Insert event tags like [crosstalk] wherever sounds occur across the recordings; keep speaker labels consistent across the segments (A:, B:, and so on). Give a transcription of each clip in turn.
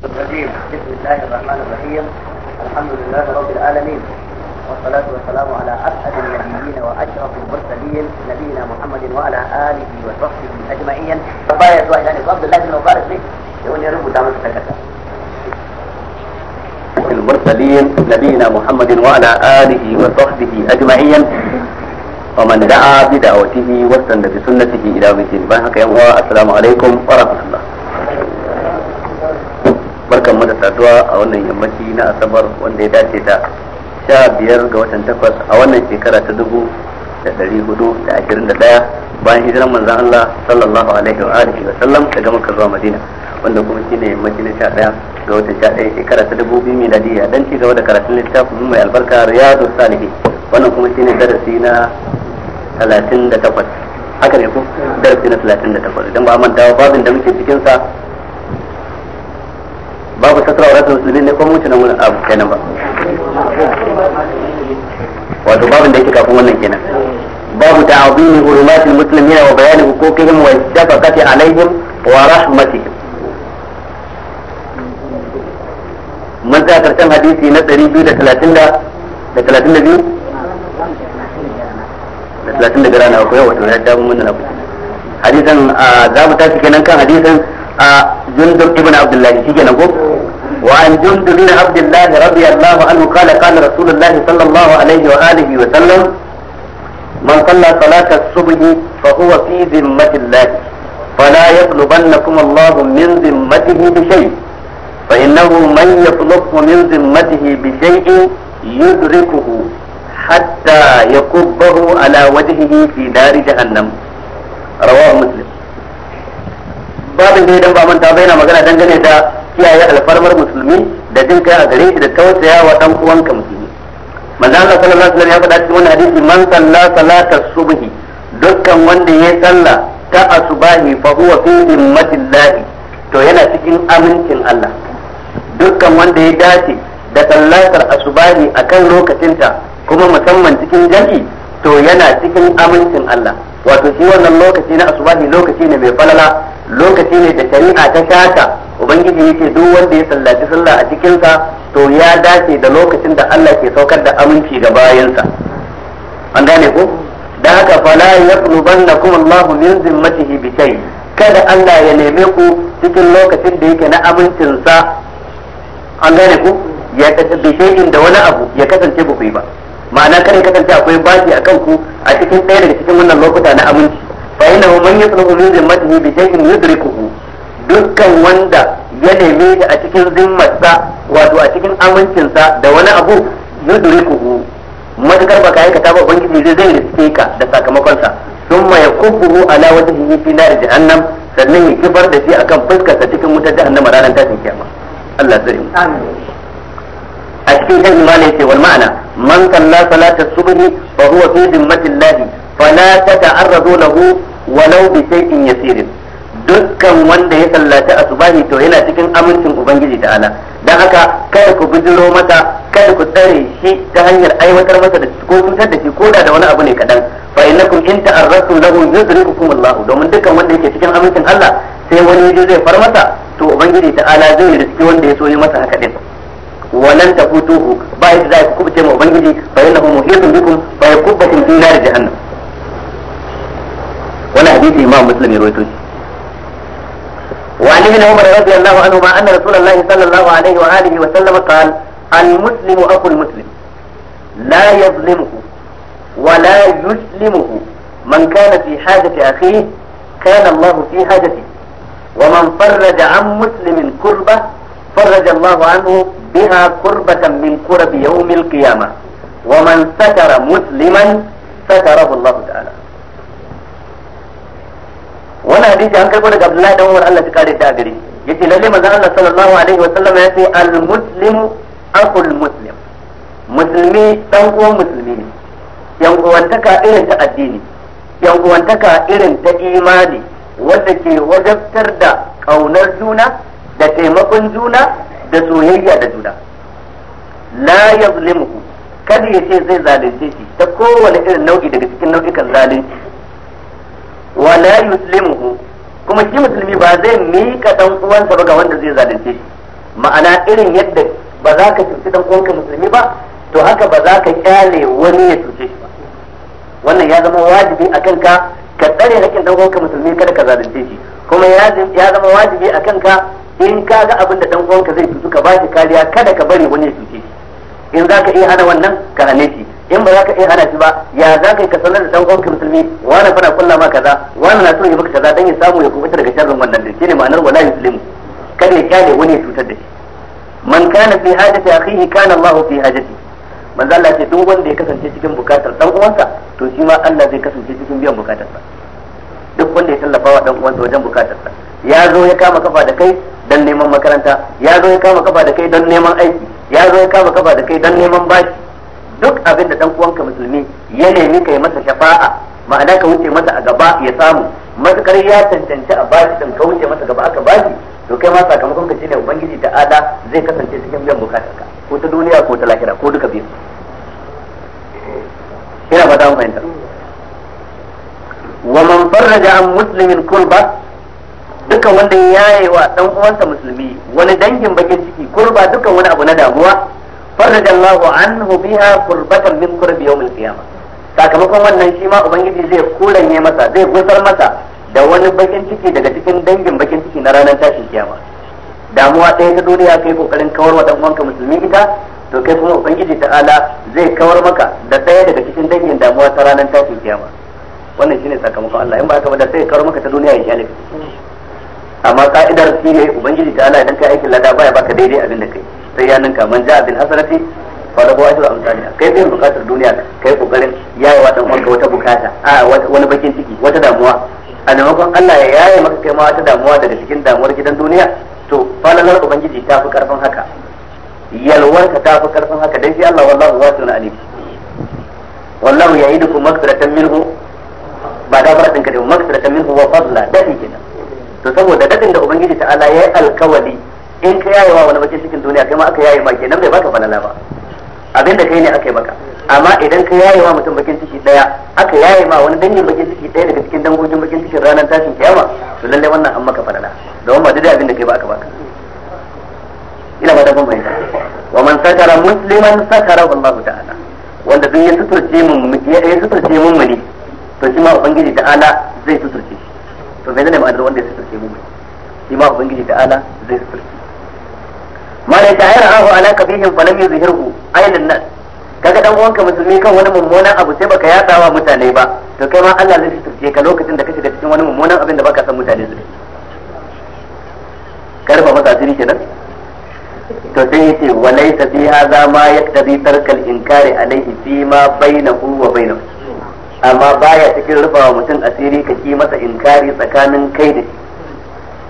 A: الرجيم بسم الله الرحمن الرحيم الحمد لله رب العالمين والصلاة والسلام على أسعد النبيين وأشرف المرسلين نبينا محمد وعلى آله وصحبه أجمعين فبايع سواء يعني عبد الله بن مبارك لي يقول يا رب دعمت المرسلين نبينا محمد وعلى آله وصحبه أجمعين ومن دعا بدعوته واستنى بسنته إلى مثل ما السلام عليكم ورحمة الله saduwa a wannan yammaci na asabar wanda ya dace da sha biyar ga watan takwas a wannan shekara ta dubu da ɗari hudu da ashirin da ɗaya bayan hijiran manzan Allah sallallahu alaihi wa alihi wa sallam daga Makka zuwa Madina wanda kuma shine yammaci na sha ɗaya ga watan sha ɗaya shekara ta dubu biyu miladiyya dan ci gaba da karatun littafin mai albarka Riyadu Salihi wannan kuma shine darasi na talatin da takwas haka ne ku darasi na talatin da takwas idan ba manta babin da muke cikinsa babu sakar auratul musulmin ne ko mun tunan mun abu kenan ba wato babin da yake kafin wannan kenan babu ta'zimi hurumatil muslimin wa bayani huquqihim wa shafaqati alaihim wa rahmatihim mun tsaya karshen hadisi na 230 da 32 da 32 da gara na akwai wato ya mun na hadisan za mu tafi kenan kan hadisan a jundub ibn abdullah shike na ko wa an jundub ibn abdullah radiyallahu anhu qala qala rasulullah sallallahu alaihi wa alihi wa sallam man qalla salata subhi fa huwa fi dhimmatillah فلا يطلبنكم الله من ذمته بشيء فإنه من يطلب من ذمته بشيء يدركه حتى يكبه على وجهه في دار جهنم رواه مسلم babin da idan ba manta ba yana magana dangane da kiyaye alfarmar musulmi da jin kai a gare shi da tausaya wa dan uwanka musulmi manzo Allah sallallahu alaihi wasallam ya faɗa cikin wannan hadisi man salla salata subhi dukkan wanda ya salla ta asubahi fa huwa fi himmatillah to yana cikin amincin Allah dukkan wanda ya dace da sallatar asubahi akan lokacinta kuma musamman cikin jami'i to yana cikin amincin Allah wato shi wannan lokaci na asubahi lokaci ne mai falala lokaci ne da shari'a ta shata ubangiji yake duk wanda ya sallaci sallah a cikinsa to ya dace da lokacin da Allah ke saukar da aminci ga bayansa an gane ku da haka fala yaqlubannakum Allahu min zimmatihi bi shay kada Allah ya neme ku cikin lokacin da yake na amincinsa an gane ku ya kasance shay'in da wani abu ya kasance ba ku yi ba ma'ana kare kasance akwai baki akan ku a cikin ɗaya daga cikin wannan lokuta na aminci fa innahu man yasluhu min zimmatihi bi shay'in yudrikuhu dukkan wanda ya neme shi a cikin zimmarsa wato a cikin amincinsa da wani abu yudrikuhu matukar ba ka aikata ba ubangiji zai zai riske ka da sakamakonsa sun thumma yakubbuhu ala wajhihi fi nar jahannam sannan ya kifar da shi akan fuskarsa cikin wutar jahannama ranar tashin kiyama Allah tsare a cikin kan imani yace wal ma'ana man salla salata subhi fa huwa fi zimmatillah fala tata'arradu lahu walau bi shay'in yasirin dukkan wanda ya sallaci asubahi to yana cikin amincin ubangiji ta'ala dan haka kada ku bijiro mata kada ku tsare shi ta hanyar aiwatar masa da ko cutar da shi ko da wani abu ne kadan fa innakum in ta'arrastum lahu yudrikukum Allah domin dukkan wanda yake cikin amincin Allah sai wani yaje zai far masa to ubangiji ta'ala zai riski wanda ya so yi masa haka din walan tafutuhu ba yadda za ku kubuce ma ubangiji fa innahu muhitun bikum fa yakubbakum fi nar jahannam ولا حديث امام مسلم يروي rawaito وعن ابن عمر رضي الله عنهما ان رسول الله صلى الله عليه واله وسلم قال المسلم اخو المسلم لا يظلمه ولا يسلمه من كان في حاجه اخيه كان الله في حاجته ومن فرج عن مسلم كربه فرج الله عنه بها كربه من كرب يوم القيامه ومن ستر مسلما ستره الله تعالى wannan hadisi an karbo daga Abdullahi dan Umar Allah ya kare ta gare yace lalle manzon Allah sallallahu alaihi wa ya ce al muslimu akul muslim musulmi dan uwan musulmi ne yan uwantaka irin ta addini yan uwantaka irin ta imani wanda ke wajabtar da ƙaunar juna da taimakon juna da soyayya da juna la yazlimuhu kada ya ce zai zalunce shi ta kowane irin nau'i daga cikin nau'ikan zalunci wala yuslimuhu kuma shi musulmi ba zai mika dan uwansa ba ga wanda zai zalunce shi ma'ana irin yadda ba za ka cuci dan uwanka musulmi ba to haka ba za ka kyale wani ya cuce shi ba wannan ya zama wajibi a kanka ka tsare hakkin dan uwanka musulmi kada ka zalunce shi kuma ya zama wajibi a kanka in ka ga abin da dan uwanka zai cuci ka ba shi kariya kada ka bari wani ya cuce shi in za ka iya hana wannan ka hane shi in ba za ka iya hana shi ba ya za ka yi ka sanar da dan uwanka musulmi wani fara kulla ma kaza wani na so ya baka kaza dan ya samu ya kubuta daga sharrin wannan da ne ma'anar wala yuslimu kada ya kyale wani ya cutar da shi man kana fi hajati akhihi kana Allah fi hajati manzo Allah ce duk wanda ya kasance cikin bukatar dan uwansa to shi ma Allah zai kasance cikin biyan bukatarsa duk wanda ya tallafa wa dan uwansa wajen bukatarsa ya zo ya kama kafa da kai dan neman makaranta ya zo ya kama kafa da kai dan neman aiki ya zo ya kama kafa da kai dan neman bashi duk abin da dan uwanka musulmi ya nemi kai masa shafa'a ma'ana ka wuce masa a gaba ya samu matukar ya tantance a bashi din ka wuce masa gaba aka bashi to kai ma sakamakon ka shine ubangiji ala zai kasance cikin biyan ka. ko ta duniya ko ta lahira ko duka biyu ina ba ta fahimta wa man farraja an muslimin kurba dukan wanda ya yi wa dan uwansa musulmi wani dangin bakin ciki kurba dukan wani abu na damuwa فرج الله عنه بها قربة min قرب يوم القيامة sakamakon wannan shi ma ubangiji zai ne masa zai gusar masa da wani bakin ciki daga cikin dangin bakin ciki na ranar tashin kiyama damuwa ɗaya ta duniya kai kokarin kawar wa dan musulmi ita to kai kuma ubangiji ta'ala zai kawar maka da ɗaya daga cikin dangin damuwa ta ranar tashin kiyama wannan shine sakamakon Allah in ba ka ba da sai kawar maka ta duniya ya shalifi amma ka'idar shi ne ubangiji ta'ala idan kai aikin lada baya baka daidai abin da kai sai ya ninka man ja bil hasanati fa da ajru amsalha kai kai bukatar duniya kai kokarin yayi wata dan wata bukata a wani bakin ciki wata damuwa a maimakon Allah ya yaye maka kai ma wata damuwa daga cikin damuwar gidan duniya to falalar ubangiji ta fi karfin haka yalwarka ta fi karfin haka dan shi Allah wallahu wasi'un alim wallahu ya'idukum maghfiratan minhu ba gafaratan ka da maghfiratan minhu wa fadla dadi kenan to saboda dadin da ubangiji ta'ala yayi alkawali in ka yaye wa wani bakin cikin duniya kai ma aka yaye ma kenan bai baka falala ba abin da kai ne aka yi maka amma idan ka yaye wa mutum bakin ciki daya aka yaye ma wani dangin bakin ciki daya daga cikin dangogin bakin cikin ranar tashin kiyama to lalle wannan an maka falala don ba dai abin da kai ba aka baka ina ba da ban bayyana wa man sakara musliman sakara wallahu ta'ala wanda duk ya suturce mun ya suturce mun mali to shi ma ubangiji ta'ala zai suturce shi to menene ma'anar wanda ya suturce mun mali shi ma ubangiji ta'ala zai suturce ma da ta yara ahu ala kabihin falam yuzhirhu aylan nan kaga dan uwanka musulmi kan wani mummunan abu sai baka yada wa mutane ba to kai ma Allah zai tsirce ka lokacin da ka shiga cikin wani mummunan abin da baka san mutane su karba masa asiri kenan to sai yace walaysa fi hadha ma yaktabi tarkal inkari alaihi fi ma bainahu wa bainahu amma baya cikin rufawa mutum asiri ka ki masa inkari tsakanin kai da shi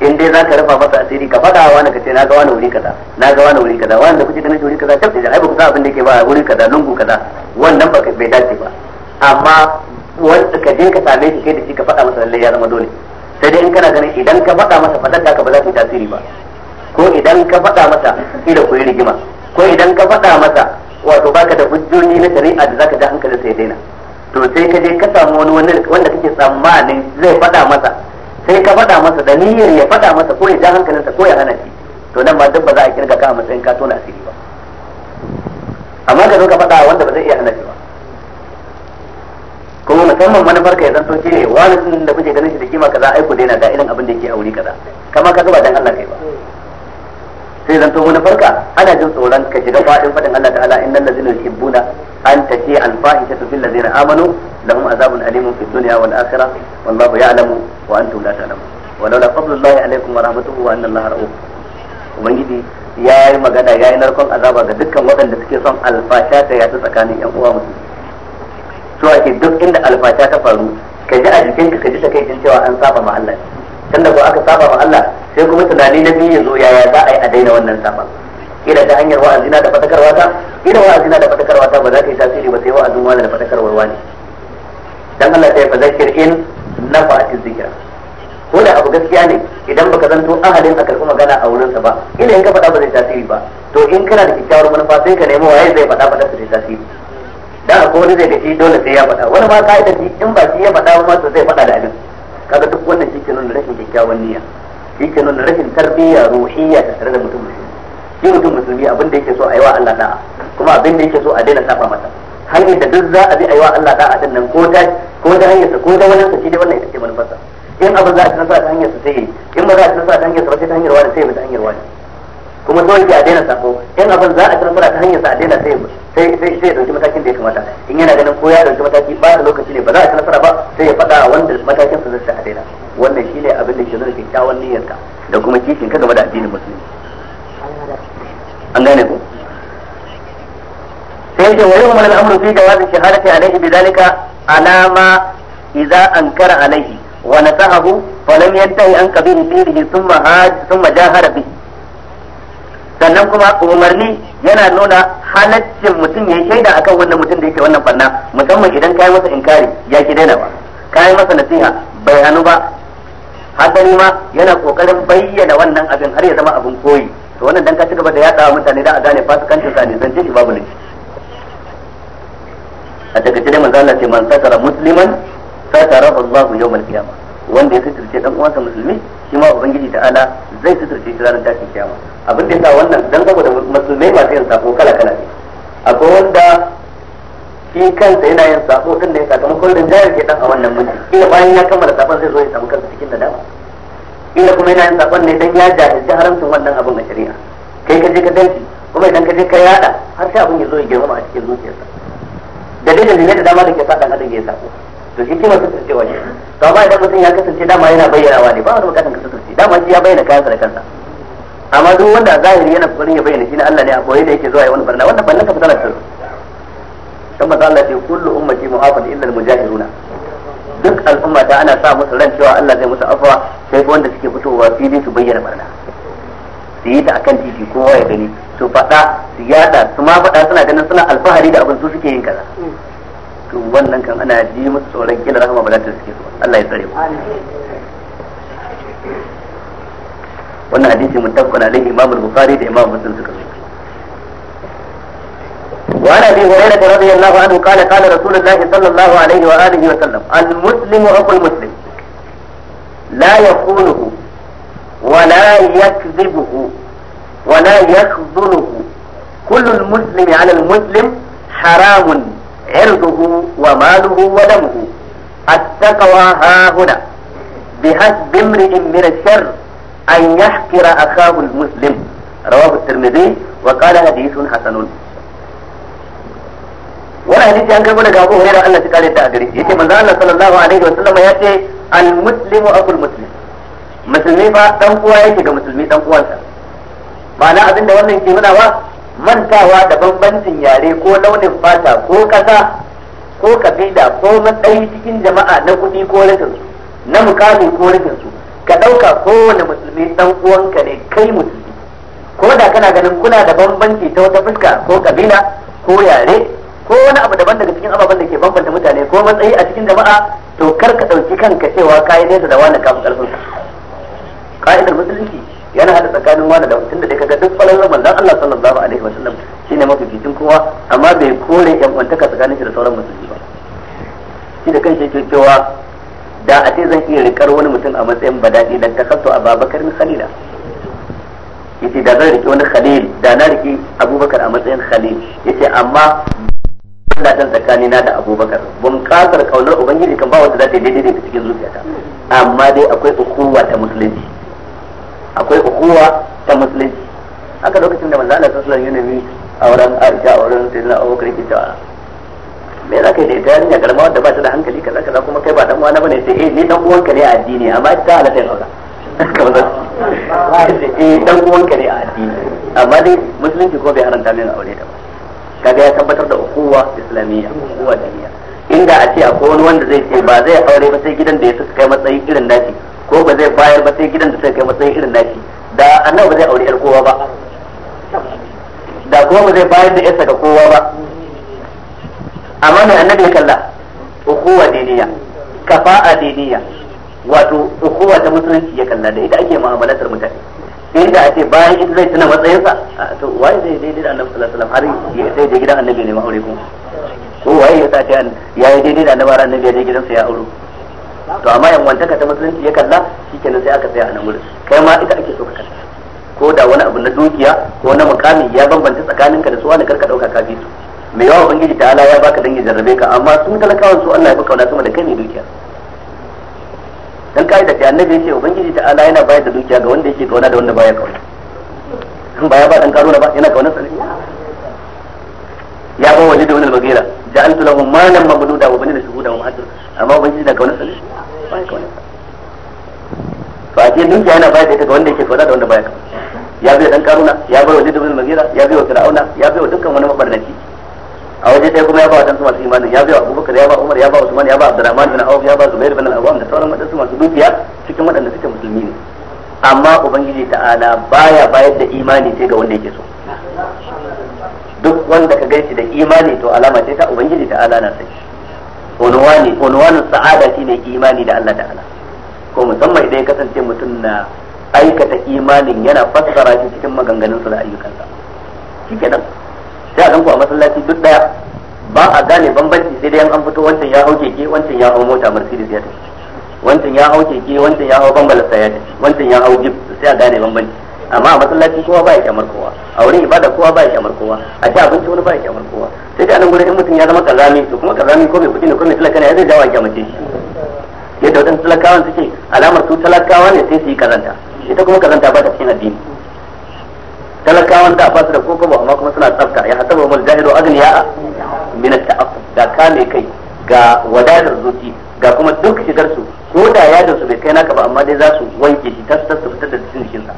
A: in dai zaka rufa masa asiri ka faɗa wa ka ce na ga wani wuri kaza na ga wani wuri kaza wani da kuke ganin wuri kaza tabbata ai ba ku san abin da yake ba wuri kaza lungu kaza wannan ba ka bai dace ba amma wanda ka je ka same shi kai da shi ka faɗa masa lallai ya zama dole sai dai in kana ganin idan ka faɗa masa faɗar ka ba za ta yi tasiri ba ko idan ka faɗa masa kila ku yi rigima ko idan ka faɗa masa wato baka da hujjoji na shari'a da zaka ja hankali sai daina to sai ka je ka samu wani wanda kake tsammanin zai faɗa masa sai ka faɗa masa da niyyar ya faɗa masa ko ya ja hankalinsa ko ya hana shi to nan ma duk ba za a kirga ka a matsayin ka tona asiri ba amma ka zo ka faɗa wanda ba zai iya hana shi ba kuma musamman manufar ka ya zanto shi ne wani da kuke ganin shi da kima kaza ai ku daina ga irin abin da yake a wuri kaza kama ka zuba dan Allah kai ba sai zan to farka ana jin tsoron ka shiga fadin fadin Allah ta'ala innal ladzina yuhibbuna an tashi al fahishatu fil ladzina amanu lahum azabun alimun fid dunya wal akhirah wallahu ya'lamu wa antum la ta'lamun walaula fadlullahi alaikum wa rahmatuhu wa anna allaha ra'uf ubangiji ya yi magana ya yi narkon azaba ga dukkan waɗanda suke son alfasha ta yasu tsakanin yan uwa musu su ake duk inda alfasha ta faru ka ji a jikinka ka ji ta kai cewa an saba ma Allah tunda ko aka saba ma Allah sai kuma tunani na biyu yazo yaya za a yi a daina wannan saban ina ta hanyar wa'azina da fadakarwa ta wa'azi wa'azina da fadakarwa ta ba za ta yi tasiri ba sai wa'azin wani da fadakarwar wani dan Allah ta yi fadakir in nafa'ati zikra ko da abu gaskiya ne idan baka zanto ahalin a karɓi magana a wurinsa ba ina in ka faɗa ba zai tasiri ba to in kana da kyakkyawar manufa sai ka nemi waye zai faɗa faɗa su zai tasiri da ko wani zai gaci dole sai ya faɗa wani ma ka'idar in ba shi ya faɗa ba ma to zai faɗa da abin kaga duk wannan shi ke nuna rashin kyakkyawan niyya shi ke nuna rashin tarbiyya ruhiyya ta tare da mutum musulmi shi mutum musulmi abin da yake so a yi wa Allah da'a kuma abin da yake so a daina saba masa hanyar da duk za a bi a yi wa Allah da'a din nan ko ta ko ta hanyarsa ko ta wani shi dai wannan ita ce manufarsa in abin za a sa ta sa sai yi in ba za a sa ta sa ba sai ta hanyar wani sai ya ta hanyar wani kuma so ki a daina sako in abin za a sa ta sa a daina sai yi sai sai sai dauki matakin da ya kamata in yana ganin ko ya dauki mataki ba da lokaci ne ba za a ci nasara ba sai ya faɗa wanda matakin sa zai sa daina wannan shine abin da ke nuna kyakkyawan niyyarka da kuma kishin ka game da addinin musulmi an gane ku sai ce wani umar al'amuru fi jawazin shahadati alaihi bidalika alama idza ankara alaihi wa nasahahu fa lam yantahi an kabiri bihi thumma haj thumma jahara bihi sannan kuma umarni yana nuna halaccin mutum ya shaida akan wannan mutum da yake wannan fanna musamman idan kai masa inkari ya ki daina ba kai masa nasiha bai hannu ba hasali ma yana kokarin bayyana wannan abin har ya zama abin koyi to wannan dan ka ci gaba da yada mutane da a gane fasikancin sa ne zan ce babu ne a daga cikin manzo Allah ce man satara musliman satara Allahu yawmal qiyamah wanda ya suturce dan uwansa musulmi shi ma ubangiji ala zai suturce shi ranar tashin kiyama abin da yasa wannan dan saboda musulmai masu yin sako kala kala ne akwai wanda shi kansa yana yin sako din ne da rinjayar ke dan a wannan mutum kila bayan ya kammala sakon zai zo ya samu kansa cikin nadama kila kuma yana yin sakon ne dan ya jahilci haramcin wannan abin a shari'a kai ka je ka danki kuma idan ka je ka yada har sai abin ya zo ya girma a cikin zuciyarsa da dai da da dama da ke sa dan adam ya sako to hikima suturcewa ne to amma idan mutum ya kasance dama yana bayyanawa ne ba wani bukatan ka suturce dama shi ya bayyana kayansa da kansa amma duk wanda zahiri yana kokarin ya bayyana shi na Allah ne a koyi da yake zuwa ya wani barna wannan barna ka fitar da su. manzo Allah ce kullu ummati mu'afan illa al-mujahiruna duk al'umma ta ana sa musu ran cewa Allah zai musu afwa sai wanda suke fitowa fili su bayyana barna su yi ta akan titi kowa ya gani su faɗa su yada su ma faɗa suna ganin suna alfahari da abin su suke yin kaza to wannan kan ana ji musu tsoron kila rahama ba za ta suke su Allah ya tsare ku wannan hadisi muttafaqun alaihi imam al-bukhari da imam muslim suka so وعن ابي هريره رضي الله عنه قال قال رسول الله صلى الله عليه واله وسلم المسلم اخو المسلم لا يخونه ولا يكذبه ولا يخذله كل المسلم على المسلم حرام عرضه وماله ودمه التقوى ها هنا بحسب امرئ من الشر أن يحقر أخاه المسلم رواه الترمذي وقال حديث حسن wani hadisi an karbo daga Abu da Allah ya kare ta a gare shi manzo Allah sallallahu alaihi wa sallam ya ce al muslimu akul muslim musulmi fa dan uwa yake ga musulmi dan uwansa ba na abinda wannan ke nuna ba mantawa da bambancin yare ko launin fata ko kasa ko kabila ko matsayi cikin jama'a na kuɗi ko rikin su na mukami ko rikin su ka ɗauka kowane musulmi ɗan uwanka ne kai musulmi ko da kana ganin kuna da bambanci ta wata fuska ko kabila ko yare ko wani abu daban daga cikin ababen da ke bambanta mutane ko matsayi a cikin jama'a to kar ka ɗauki kanka cewa kayi nesa da wani kafin ƙarfin ka'idar musulunci yana hada tsakanin wani da tunda dai kaga duk falalar manzon Allah sallallahu alaihi wasallam shine mafificin kowa amma bai kore yan kwantaka tsakanin shi da sauran musulmi ba shi da kanshi yake cewa da a ce zan iya rikar wani mutum a matsayin badadi dan babakar ababakar khalila yace da zan rike wani khalil da na rike abubakar a matsayin khalil yace amma Allah da tsakani na da abubakar bun kasar kaunar ubangiji kan ba wanda za ta daidai da cikin zuciyata amma dai akwai ukuwa ta
B: musulunci
A: akwai uhuwa ta musulunci haka lokacin da manzo Allah sallallahu alaihi wasallam a wurin Aisha a wurin Sayyidina Abubakar yake cewa me za ka yi da ita yarinya garma wadda ba ta da hankali kaza kaza kuma kai ba dan uwana bane sai eh ni dan ka ne a addini amma ita halatta yin aure [laughs] kamar
B: za
A: eh dan ka ne a addini amma dai musulunci ko bai haranta min aure da ba kaga ya tabbatar da ukuwa islamiyya ukuwa diniya inda a ce akwai wani wanda zai ce ba zai aure ba sai gidan da ya suka kai matsayi irin nashi ko ba zai bayar ba sai gidan da suka kai matsayin irin nashi da annabi ba zai aure yar kowa ba da kuma ba zai bayar da yarsa ga kowa ba amma mai annabi ya kalla ukuwa diniya kafa'a diniya wato ukuwa ta musulunci ya kalla da ita ake mu'amalatar mutane inda ake bayan ita zai tuna matsayinsa to waye zai daidai da annabi sallallahu alaihi wasallam har ya sai da gidan annabi ne ma aure kuma ko waye ya sa ta ya yi daidai da annabi annabi ya je gidansa ya aure to amma yan wantaka ta musulunci ya kalla shikenan sai aka tsaya a nan wurin kai ma ita ake so ka kalla ko da wani abu na dukiya ko na mukami ya bambanta tsakaninka da su wani karka dauka ka bi su mai yawa ubangiji ta ala ya baka dan jarrabe ka amma sun talakawan su Allah ya baka wani sama da kai ne dukiya dan kai da annabi ce ubangiji ta ala yana bayar da dukiya ga wanda yake kauna da wanda baya kauna in baya ba dan karuna ba yana kauna sa ya ba wani da wani magira ja'altu lahum malan mamduda wa banina shuhuda wa ma'adra amma ubangiji da kaunar salisu ba ya kaunar to a ce ninja yana bayar da ita ga wanda yake kauna da wanda baya kauna ya biya dan karuna ya bai wa lidabin magira ya biya wa fir'auna ya biya wa dukkan wani mabarnaci a waje ɗaya kuma ya ba wa su masu imanin ya biya wa abubakar ya ba umar ya ba usman ya ba abdurrahman bin auf ya ba zubair bin al-awwam da sauran wadansu masu dukiya cikin waɗanda suke musulmi ne amma ubangiji ta'ala baya bayar da imani sai ga wanda yake so duk wanda ka gaishe da imani to alama ce ta ubangiji ta'ala na sai
B: unwani unwanin
A: sa'ada shine imani da Allah ta'ala ko musamman idan ya kasance mutum na aikata imanin yana fassara shi cikin maganganunsa da ayyukansa kenan sai a ganku a masallaci duk daya ba a gane bambanci sai dai an fito wancan ya hau keke wancan ya hau mota mercedes ya tafi wancan ya hau keke wancan ya hau bambalasta ya tafi wancan ya hau jeep sai a gane bambanci amma a masallaci kowa ba ya kyamar kowa a wurin ibada kowa ba ya kyamar kowa a ci abinci wani ba ya kyamar kowa sai da nan gurin in mutum ya zama kazami to kuma kazami ko mai kuɗi ne ko mai talaka ne ya zai dawo a kyamace shi yadda wajen talakawan suke alamar su talakawa ne sai su yi kazanta ita kuma kazanta ba ta cikin addini talakawan da ba su da kokobo amma kuma suna tsafta ya hasaba mul jahilu agniya min at-ta'affuf ga kame kai ga wadatar zuci ga kuma duk shigar su ko da yajin su bai kai naka ba amma dai za su wanke shi tas tas su fitar da cikin jikinsa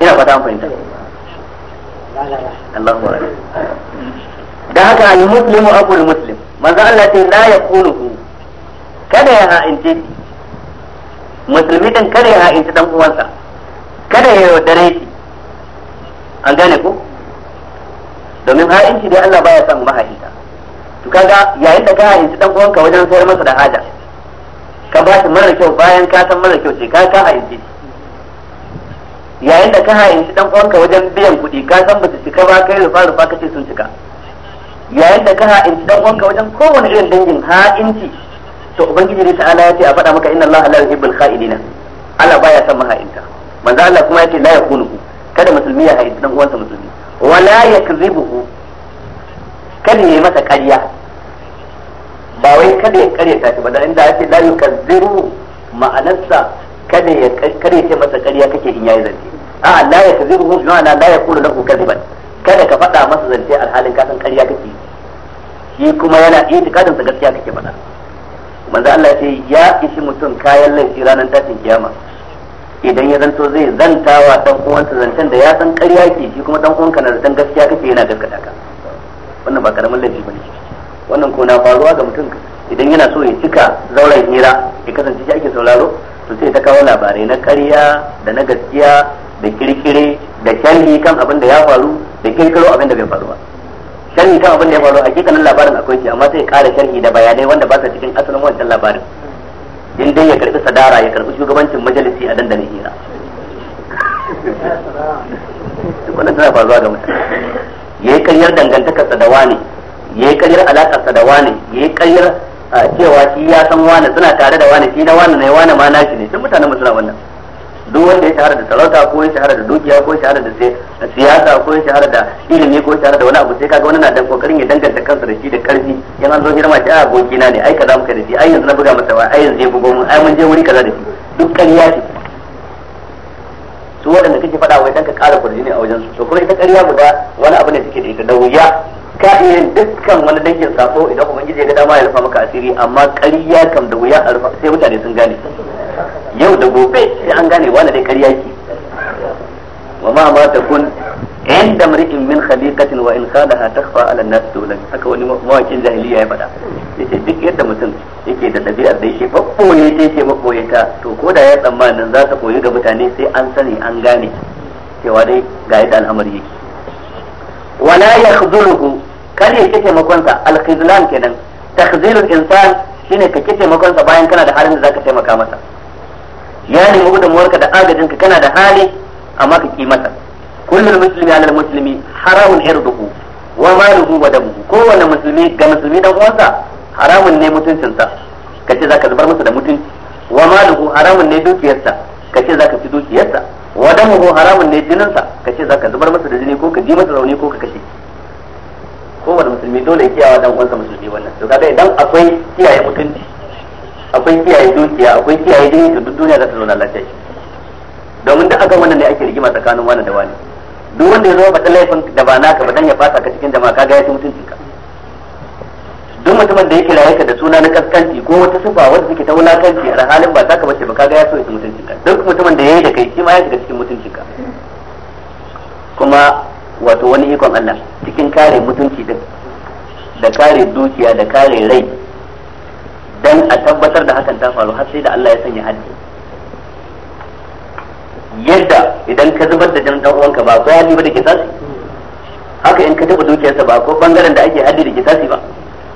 A: ina fata an fahimta Allahu akbar
B: da haka al muslimu
A: abul muslim manzo Allah ce la yaquluhu kada ya ha'ince musulmi din kada ya ha'ince dan uwansa kada ya yaudare shi an gane ko domin ha'inci dai Allah baya son mahaifa to kaga yayin da ka ha'inci dan uwanka wajen sayar masa da haja ka ba shi mara kyau bayan ka san mara kyau ce ka ka ha'ince yayin da ka hayanci dan uwanka wajen biyan kuɗi ka san ba su cika ba kai rufa rufa kace sun cika yayin da ka hayanci dan uwanka wajen kowane irin dangin ha'inci to ubangiji ne ta'ala ya ce a faɗa maka inna Allah la yuhibbul kha'ilina Allah baya son maha'inta manzo Allah kuma yace la yakunu kada musulmi ya ha'inci dan uwansa musulmi wala yakzibuhu kada ya masa ƙarya ba wai kada ya ƙarya ta ba da inda ake la yukazziru ma'anarsa kada ya kare ce masa ƙarya kake in yayi zance a Allah ya mu hu na la yaqulu lahu kadiban kada ka faɗa masa zance alhalin ka san ƙarya kake shi kuma yana itikadin sa gaskiya kake faɗa manzo Allah ce ya ishi mutum kayan laifi ranar tashin kiyama idan ya zanto zai zantawa dan uwansa zancen da ya san ƙarya yake shi kuma dan uwanka na zancen gaskiya kake yana gaskata ka wannan ba karamin laifi bane wannan ko na faruwa ga mutum idan yana so ya cika zauren hira ya kasance shi ake sauraro to sai ta kawo labarai na ƙarya da na gaskiya da kirkire da sharhi kan abin da ya faru da kirkiro abin da bai faru ba sharhi kan abin da ya faru hakikanin labarin akwai shi amma sai kara sharhi da bayanai wanda ba sa cikin asalin wancan labarin in dai ya karbi sadara ya karbi shugabancin majalisi a dandalin hira wannan tana faruwa ga mutane yayi karyar dangantakarsa da wani yayi karyar alakarsa da wani yayi karyar cewa shi ya san wani suna tare da wani shi na wani ne wani ma nashi ne sun mutanen mu suna wannan duk wanda ya shahara da sarauta ko ya shahara da dukiya ko ya shahara da siyasa ko ya shahara da ilimi ko ya shahara da wani abu sai kaga wani na dan kokarin ya danganta kansa da shi da karfi yan an zo girma shi a ah, abokina ne ai kaza muka da shi ai yanzu na buga masa wa ai yanzu ya bugo mun ai mun je wuri kaza da shi duk ƙarya ce su waɗanda kake faɗa wai dan ka ƙara ne a wajen su to kuma ita ƙarya guda wani abu ne take da ita da wuya ka iya dukkan wani dangin sako idan kuma ya ga dama ya rufa maka asiri amma ƙarya kam da wuya a rufa sai mutane sun gane yau da gobe sai an gane wani da kariya ki wa ma ma ta kun inda mar'in min khaliqatin wa in khalaha takhfa ala an-nas dole haka wani mawakin jahiliya ya faɗa yace duk yadda mutum yake da dabi'ar da yake babboye ta yake babboye to ko da ya tsammanin za ta koyi ga mutane sai an sani an gane cewa dai ga yadda al'amari yake wala yakhdhuluhu kar ya kike makonsa al-khizlan kenan takhzilul insan shine ka kike makonsa bayan kana da halin da zaka taimaka masa ya nemi gudunmuwarka da agajinka kana da hali amma ka ki masa kullum muslimi alal muslimi haramun irduhu wa maluhu wa damuhu kowanne musulmi ga musulmi dan uwansa haramun ne mutuncinsa kace zaka zubar masa da mutunci wa maluhu haramun ne dukiyarsa kace zaka ci dukiyarsa wa damuhu haramun ne jininsa kace zaka zubar masa da jini ko ka ji masa rauni ko ka kashe kowanne musulmi dole ya kiyawa dan uwansa musulmi wannan to kaga idan akwai kiyaye mutunci akwai kiyaye dukiya akwai kiyaye dai to duk duniya za ta zauna lafiya shi domin duk akan wannan ne ake rigima tsakanin wani da wani duk wanda ya zo ba laifin da ba naka ba dan ya fasa ka cikin jama'a kaga ya ci mutuncin ka duk mutumin da ya kira ka da suna na kaskanci ko wata sufa wanda take ta wulakanci a halin ba taka bace ba kaga ya so ya ci mutuncin ka duk mutumin da yayi da kai shi ma ya shiga cikin mutuncin ka kuma wato wani ikon Allah cikin kare mutunci din da kare dukiya da kare rai dan a tabbatar da hakan ta faru har sai da Allah ya sanya haddi yadda idan ka zubar da jinin dan uwanka ba ko haddi ba da kisasi haka in ka taba dukiyarsa ba ko bangaren da ake haddi da kisasi ba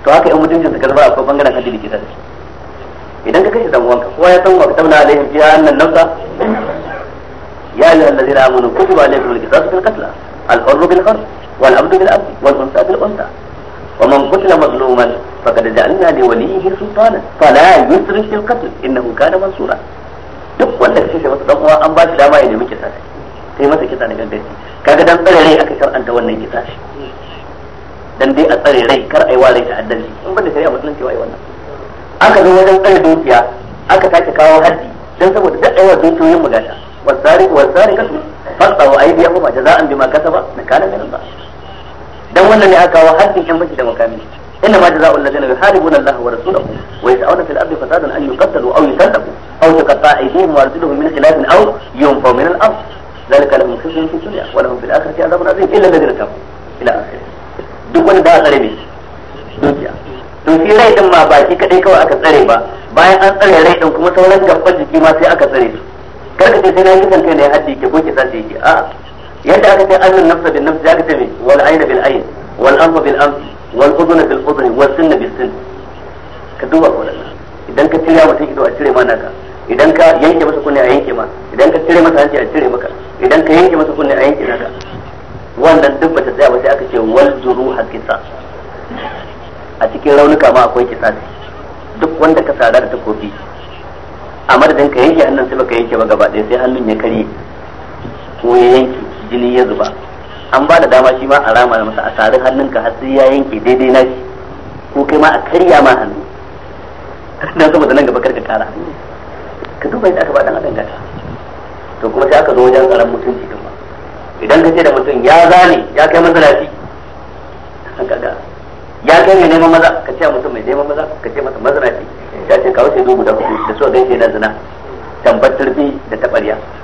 A: to haka in mutuncin ka zubar ko bangaren haddi da kisasi idan ka kashe dan uwanka kowa ya san wa ka tabna alaihim fiha annan nafsa ya ayyuha allazina amanu kutiba alaikumul qisasu fil qatl al-hurru bil-hurr wal-abdu bil-abdi wal-unsa bil-unsa ومن قتل مظلوما فقد جعلنا لوليه سلطانا فلا يسرف في القتل انه كان منصورا duk wanda kace shi masa dan uwa an ba shi dama ya nemi kisa sai masa kisa na gangan kaga dan tsare rai aka shar'anta wannan kisa shi dan dai a tsare rai kar ai ware ta addanci in banda shari'a musulunci wai wannan aka zo wajen tsare dukiya aka take kawo haddi dan saboda duk aiwa dukiyoyin mu gata wasari wasari kasu fasta wa aidiya kuma jaza'an bima kasaba na kana min ba dan wannan ne aka wa haddin yan miji da makami inna ma jaza'u alladhina yuharibuna Allah wa rasulahu wa yas'aluna fil ardi fasadan an yuqtalu aw yusallabu aw tuqatta'a aydihim wa arjuluhum min khilafin aw yunfaw min al-ard ذلك لهم خزي في الدنيا ولهم في الآخرة عذاب عظيم إلا الذين تابوا إلى آخره duk wani ba a tsare mai to shi rai din ma ba shi kadai kawai aka tsare ba bayan an tsare rai din kuma sauran gaban jiki ma sai aka tsare su karka ce sai na kisan kai ne haddi ke ko ki sace ki a'a yadda aka ce ayyun nafsa bin nafsi aka ce wal ayna bil ayn wal anfa bil anf wal udhuna bil udhuni wal sunna bil sin ka duba ko idan ka cire mutum ido a cire ma naka idan ka yanke masa kunne a yanke ma idan ka cire masa hanci a cire maka idan ka yanke masa kunne a yanke naka wannan duk bata tsaya ba sai aka ce wal zuru hakisa a cikin raunuka ma akwai kisa duk wanda ka sada da takobi a madadin ka yanke hannun sai baka yanke ba gaba ɗaya sai hannun ya karye ko ya yanke jini ya zuba an ba da dama shi ma a rama masa a tarin hannunka har sai ya yanke daidai na shi ko kai ma a karya ma hannu na sama da nan gaba karka kara ka duba yadda aka ba dan adam gata to kuma sai aka zo wajen tsaron mutunci kuma idan ka ce da mutum ya zane ya kai lafi [laughs] kaga ya kai mai neman maza ka ce mutum mai neman maza ka ce masa mazanaci ya ce kawai sai dubu da kuɗi da so gaishe na zina tabbatar tarbi da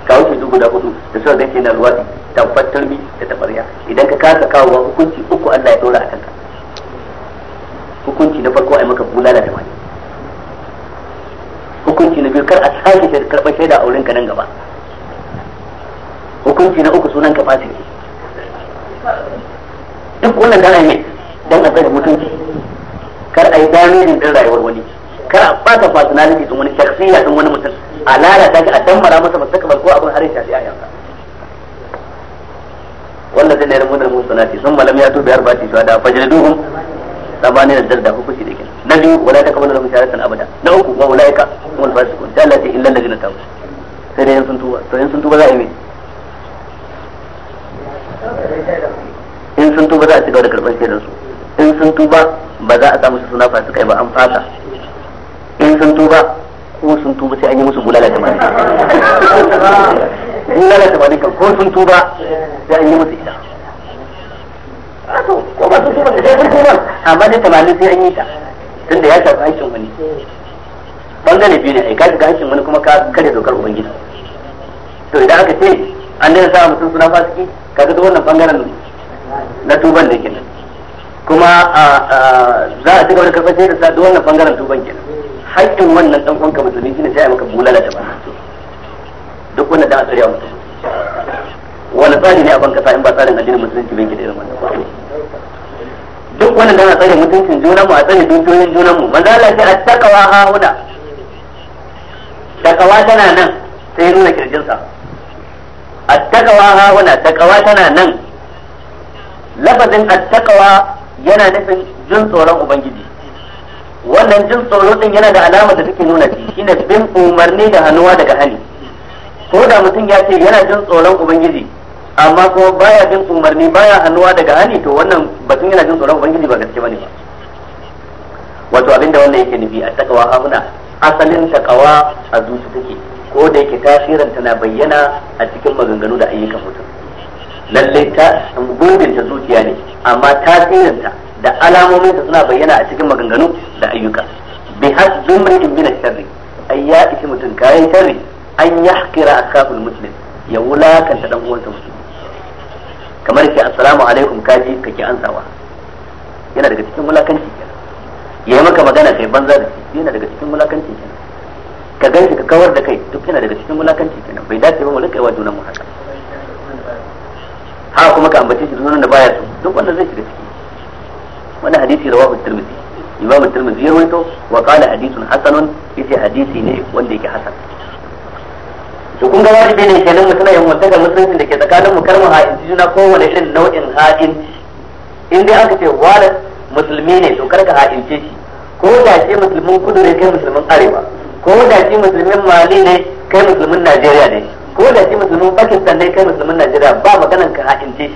A: ka wuce duk guda hudu da suka dace na ruwa tabbatar tarbi da tabariya idan ka kasa kawo hukunci uku Allah ya dora a kanka hukunci na farko ai maka bulala da mani hukunci na biyu kar a sake karɓar shaida a wurinka nan gaba hukunci na uku sunan ka fasiki duk wannan dana ne dan a tsaye mutunci kar a yi damirin din rayuwar wani kar a ɓata personality din wani shakhsiyya din wani mutum a lalata shi a tambara masa mustaqbal ko abin harin shafi ayyanka wannan zai ne mun da ce sun malam ya tobe biyar ba shi da duhun tabani da darda hukunci da kin na biyu wala ta kamar lahum sharatan abada na uku wa ulaika humul fasiqun ta Allah ce illal ta tabu sai dai sun tuba to in sun tuba za a yi me in sun tuba za a ci gaba da karban shaidar su in sun tuba ba za a samu su suna fasikai ba an fasa in sun tuba ko sun tuba sai an yi musu bulala da mani [laughs] bulala da mani kan ko sun tuba sai an yi musu ita ah, ko ba sun tuba sai sun tuba amma dai mani sai an yi ta tunda ya shafi aikin wani bangare biyu ne ai ka shiga aikin wani kuma ka kare dokar ubangiji to idan aka ce an dai sa mutum suna fasiki ka ga wannan bangaren na tuban da kenan kuma ah, ah, za a ci gaba da karɓar da sa wannan bangaren tuban kenan haƙƙin wannan dan uwanka musulmi shine sai ya maka bulala da bana duk wanda da tsariya mutum wani tsari ne a banka sa in ba tsarin addinin musulunci bai gida irin wannan duk wanda da tsare mutuncin junan mu a tsare dukiyoyin junan mu manzo Allah sai attaqwa ha huda takawa tana nan sai nuna kirjin sa kirjinsa attaqwa ha huda takawa tana nan lafazin attaqwa yana nufin jin tsoron ubangiji wannan jin tsoro din yana da alama da take nuna shi shine bin umarni da hannuwa daga hali ko da mutum ya ce yana jin tsoron ubangiji amma ko baya jin umarni baya hannuwa daga hali to wannan batun yana jin tsoron ubangiji ba gaske bane wato abinda wannan yake nufi a takawa hamuna asalin takawa a zuci take ko da yake tasirin tana bayyana a cikin maganganu da ayyukan mutum lallai ta gudun ta zuciya ne amma tasirinta da alamomin su suna bayyana a cikin maganganu da ayyuka bi hasbin mutum min sharri ay ya ishi mutum kayan sharri an yahqira akaful muslim ya wulakanta dan uwansa musulmi kamar ki assalamu alaikum kaji kake ansawa yana daga cikin wulakanci ya yi maka magana kai banza da shi yana daga cikin wulakanci kenan ka ganshi ka kawar da kai duk yana daga cikin wulakanci kenan bai dace ba mu rika yawa junan mu haka ha kuma ka ambace shi sunan da baya su duk wanda zai shiga ciki Wani hadisi rawahu tirmidhi imam tirmidhi ya rawaito wa qala hadithun hasanun yace hadisi ne wanda yake hasan to kun ga wajibi ne kenan mu tana yin wanda da musulunci da ke tsakanin mu karmu ha'inci juna kowane irin nau'in ha'inci in dai aka ce wala musulmi ne to karka ce shi ko da ce musulmin kudu ne kai musulmin arewa ko da ce musulmin mali ne kai musulmin najeriya ne ko da ce musulmin pakistan ne kai musulmin najeriya ba maganan ka ce shi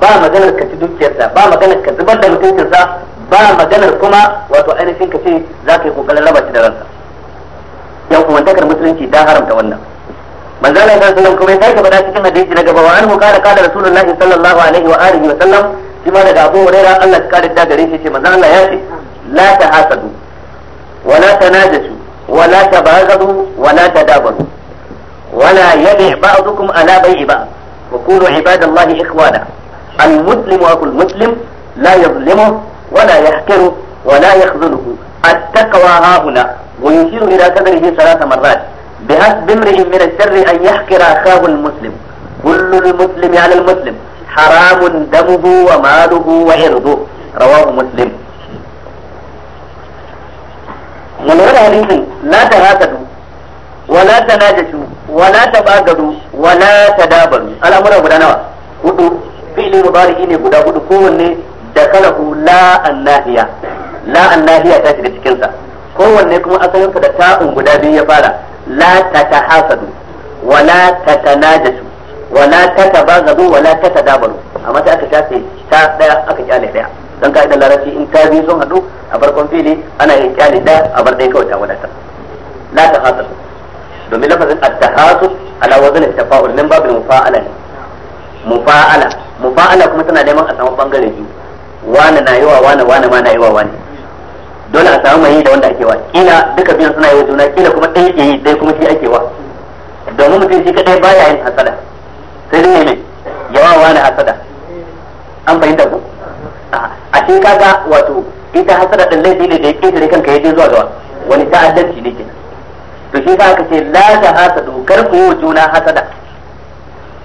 A: ba maganar ka ci dukiyarsa ba maganar ka zubar da mutuncinsa ba maganar kuma wato ainihin ka ce za ka yi kokarin raba shi da ransa yan uwantakar musulunci ta haramta wannan manzo Allah sallallahu alaihi kuma ya sake faɗa cikin hadisi na gaba wa an kana kana rasulullahi sallallahu alaihi wa alihi wa sallam shi ma daga Abu Hurairah Allah ya kare da gare shi ce manzo Allah ya ce la tahasadu wa la tanajashu wa la tabagadu wa la tadabaru wa la yabi ba'dukum ala bai'i ba'd wa kunu ibadallahi ikhwana المسلم أخو المسلم لا يظلمه ولا يحقره ولا يخذله التقوى ها هنا ويشير إلى قدره ثلاث مرات بحسب امرئ من الشر أن يحقر أخاه المسلم كل المسلم على المسلم حرام دمه وماله وعرضه رواه مسلم من غير حديث لا تهاتدوا ولا تناجشوا ولا تباغضوا ولا تدابروا الأمر أبو دانوا fi'li mudari ne guda hudu kowanne da kalahu la annahiya la annahiya ta shiga cikin sa kowanne kuma asalin sa da ta'un guda biyu ya fara la tatahasadu wa la tatanajasu wa la tatabagadu wa la dabaru amma sai aka shafe ta daya aka kyale daya dan idan larabci in ta biyu sun hadu a farkon fili ana yin kyale daya a bar dai kawai ta wadata la tahasadu domin lafazin at tahasud ala wazn at-tafa'ul min babil mufa'ala ne mufa'ala mufa'ala kuma tana neman a samu bangare biyu wani na yawa wani wani ma na yawa wani dole a samu mai da wanda ake wa kila duka biyan suna yi wa juna kila kuma ɗaya ke yi dai kuma shi ake wa domin mutum shi kadai baya yin hasada sai dai ne yawa wani hasada an fahimta ku a cikin kaga wato ita hasada din laifi ne da ya ƙetare kanka ya je zuwa ga wani ta'addanci ne kenan to shi ka aka ce la ta hasadu kar ku yi wa juna hasada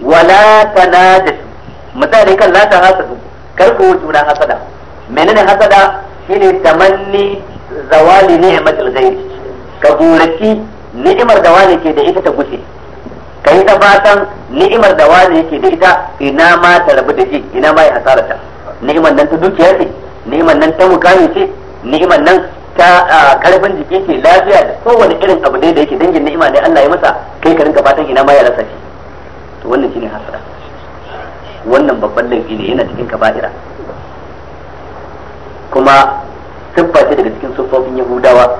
A: wala tanajis misali kan la tahasadu kar ku juna hasada menene hasada shine tamanni zawali ni'matul ghairi ka gurati ni'imar da wani ke da ita ta gushe ka yi ta fatan ni'imar da wani yake da ita ina ma ta rabu da shi ina ma ya hasara ta ni'imar nan ta dukiya ce ni'imar nan ta mukami ce ni'imar nan ta karfin jiki ce lafiya da kowane irin abu da yake dangin ni'ima ne Allah ya masa kai ka rinka fatan ina ma ya rasa shi to wannan shine hasada wannan babban laifi ne yana cikin kaba'ira kuma siffa ce daga cikin siffofin yahudawa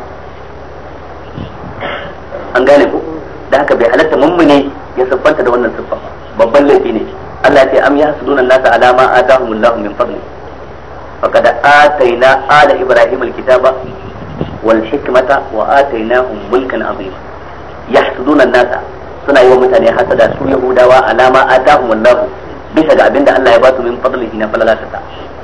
A: an gane ku da haka bai halatta mummune ya siffanta da wannan siffa babban laifi ne Allah ce am yahsuduna an-nasa ala ma atahumullahu min fadli faqad ataina ala ibrahim al-kitaba wal hikmata wa atainahum mulkan azima yahsuduna an-nasa suna yi wa mutane hasada su yahudawa alama atahum Allah bisa ga abinda Allah ya ba su min fadlihi na falalata ta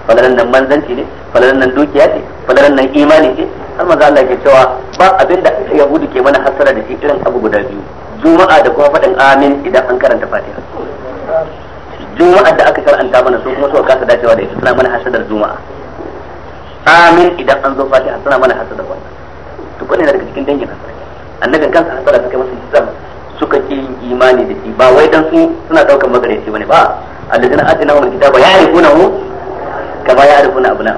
A: falalan nan manzanci ne falalan nan dukiya ce falalan nan imani ce har manzo Allah ke cewa ba abinda yahudu ke mana hasada da shi irin abu guda biyu juma'a da kuma faɗin amin idan an karanta fatiha juma'a da aka karanta mana su kuma suka kasa dacewa da ita suna mana hasadar juma'a amin idan an zo fatiha suna mana hasadar wannan to kone daga cikin dangin hasada annabin kansa hasada suka kai imani da shi ba wai dan su suna daukar magareci bane ba alladina atina wa kitaba ya'rifunahu kama ya'rifuna abna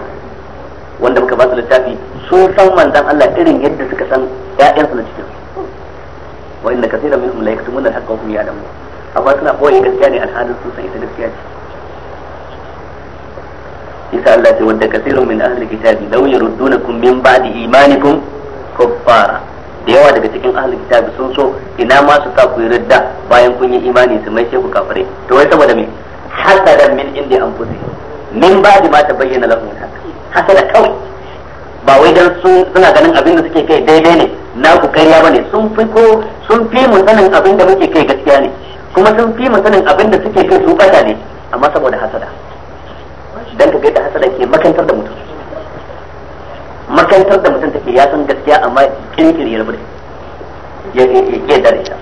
A: wanda muka ba su littafi sun san manzon Allah irin yadda suka san su na cikin wa inna kaseeran minhum la yaktumuna alhaqqa wa hum ya'lamun amma suna boye gaskiya ne alhadin su sai ita gaskiya ce isa Allah ce wanda kasirun min ahli kitabi law yaruddunakum min ba'di imanikum kuffara da yawa daga cikin ahli kitabi sun so ina ma su sa ku ridda bayan kun yi imani su mai ku kafare to wai saboda me hasada min indi anfusihim min ba ma ta bayyana lahum hasada kawai ba wai dan sun suna ganin abin da suke kai daidai ne na ku kariya bane sun fi ko sun fi mu sanin abin da muke kai gaskiya ne kuma sun fi mu sanin abin da suke kai su bata ne amma saboda hasada dan ka ga da hasada ke makantar da mutum makantar da mutum take ya san gaskiya amma kirkiri ya rabu ya ke da rita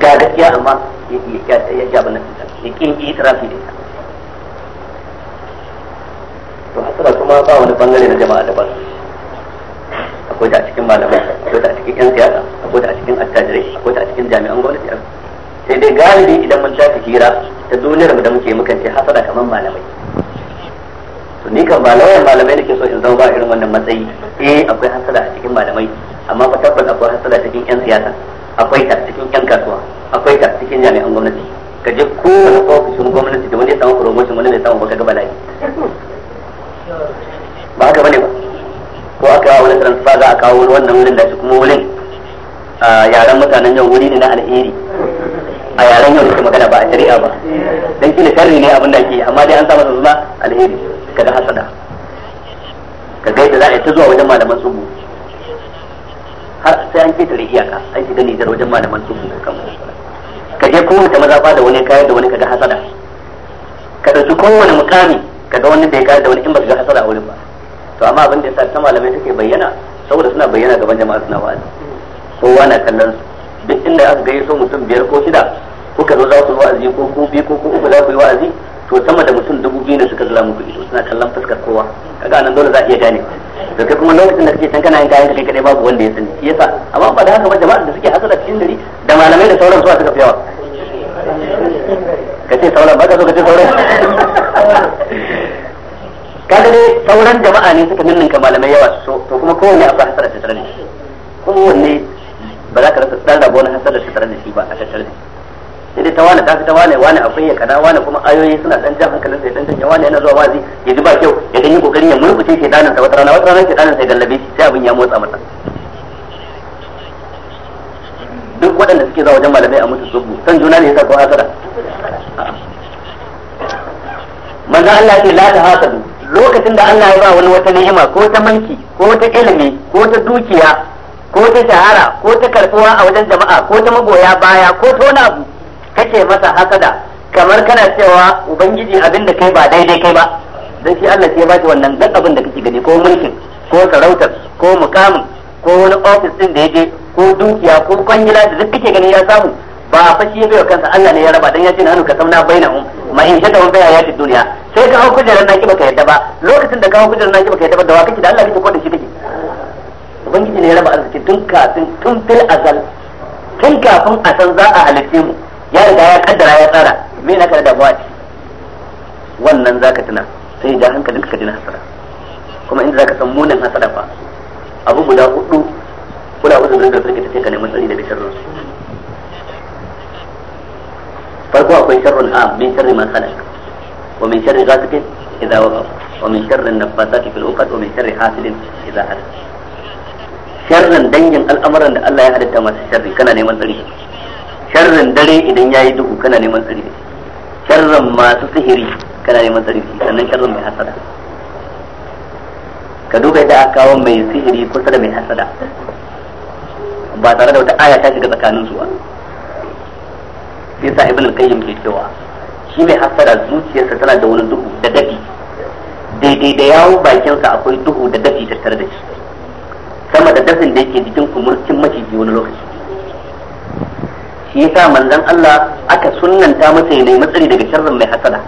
A: ga gaskiya amma ya ja na cutar ya kin yi tarafi da ita to hasara kuma ba wani bangare na jama'a daban akwai ta a cikin malamai akwai ta a cikin yan siyasa akwai ta a cikin attajirai akwai ta a cikin jami'an gwamnati sai dai galibi idan mun tafi hira ta duniyar mu da muke mukan ce hasara kamar malamai to ni kan ba lauyan malamai nake so in zama ba irin wannan matsayi eh akwai hasada a cikin malamai amma fa tabbata akwai hasada cikin yan siyasa akwai ta cikin yan kasuwa akwai ta cikin jami'an gwamnati ka je kowane ofishin gwamnati da wani ya samu promotion wani ne samu baka ga bala'i ba haka bane ba ko aka yawo wani transfer za a kawo wani wannan wurin da shi kuma wurin a yaren mutanen yau wuri ne na alheri a yaren yau da magana ba a shari'a ba dan kila sharri ne abin da ake amma dai an sa masa suna alheri ka da hasada ka ga yadda za a yi ta zuwa wajen malaman tsubu har sai an tare iyaka an gani nijar wajen malaman tsubu ka kama ka je ta mazaɓa da wani kayar da wani ka ga hasada ka ɗauki kowane mukami ka ga wani da ya kayar da wani in ba su ga hasada a wurin ba to amma abin da ya sa ta malamai take bayyana saboda suna bayyana gaban jama'a suna wa'azi kowa na kallon su duk inda aka so mutum biyar ko shida kuka zo za ku yi wa'azi ko ku biyu ko ku uku za ku yi wa'azi to sama da mutum biyu da suka zula muku ido suna kallon fuskar kowa kaga nan dole za a iya gane to kai kuma lokacin da kake can kana yin kayan kai kadai babu wanda ya sani shi yasa amma ba da haka ba jama'a da suke hasala cikin dare da malamai da sauran suwa suka fi yawa ka sauran ba ka so ka sauran kaga dai sauran jama'a ne suka ninninka malamai yawa so to kuma kowanne akwai hasara tattare ne kuma wanne ba za ka rasa dan rabo na hasara tattare ne shi ba a tattare dai ta wane ta fi ta wane wane a ya kada wane kuma ayoyi suna dan jan hankalin sai dan janya wane yana zuwa wazi ya ji ba kyau ya dan yi kokarin ya murbuce shi danin sa wata rana wata rana ke danin sai gallabe shi sai abin ya motsa masa duk waɗanda suke zuwa wajen malamai a mutu subu san juna ne yasa ko hasada manzo Allah ce la ta hasadu lokacin da Allah ya ba wani wata ni'ima ko ta manki ko ta ilimi ko ta dukiya ko ta shahara ko ta karfuwa a wajen jama'a ko ta magoya baya ko ta wani abu kake masa hasada kamar kana cewa ubangiji abin da kai ba daidai kai ba dan shi Allah ya ba shi wannan dan abin da kake gani ko mulkin ko sarautar ko mukamin ko wani office din da yake ko dukiya ko kwangila da duk kake gani ya samu ba fa shi ya bai kansa Allah ne ya raba dan ya ce na hannu ka samna bainahum ma in shaka wa baya yati duniya sai ka hawo kujerar naki baka yadda ba lokacin da ka hawo kujerar naki baka yadda ba da wa kake da Allah kake ko da shi kake ubangiji ne ya raba arziki tun kafin tun fil azal tun kafin a san za a halitte mu ya riga ya kaddara ya tsara me na kada damuwa ce wannan zaka tuna sai ya ja hankalin ka dina hasara kuma inda zaka san munin hasara fa abu guda hudu kula uzurin da suke tace ka neman tsari da sharrin su farko akwai sharrun am min sharri man khalaq wa min sharri ghasiqin idza waqa wa min sharri an ke fil 'uqad wa min sharri hasidin idza hasad sharrin dangin al'amuran da Allah ya halitta masu sharri kana neman tsari sharrin dare idan yayi duhu kana neman tsari da shi sharrin masu sihiri kana neman tsari da shi sannan sharrin mai hasada ka duba yadda aka kawo mai sihiri kusa da mai hasada ba tare da wata aya ta shiga tsakanin su ba yasa ibn al-qayyim ke cewa shi mai hasada zuciyarsa tana da wani duhu da dafi daidai da yawon bakinsa akwai duhu da dafi tattare da shi sama da dafin da yake jikin kumurcin maciji wani lokaci shi yasa manzon Allah aka sunnanta masa yayin matsari daga sharrin mai hasada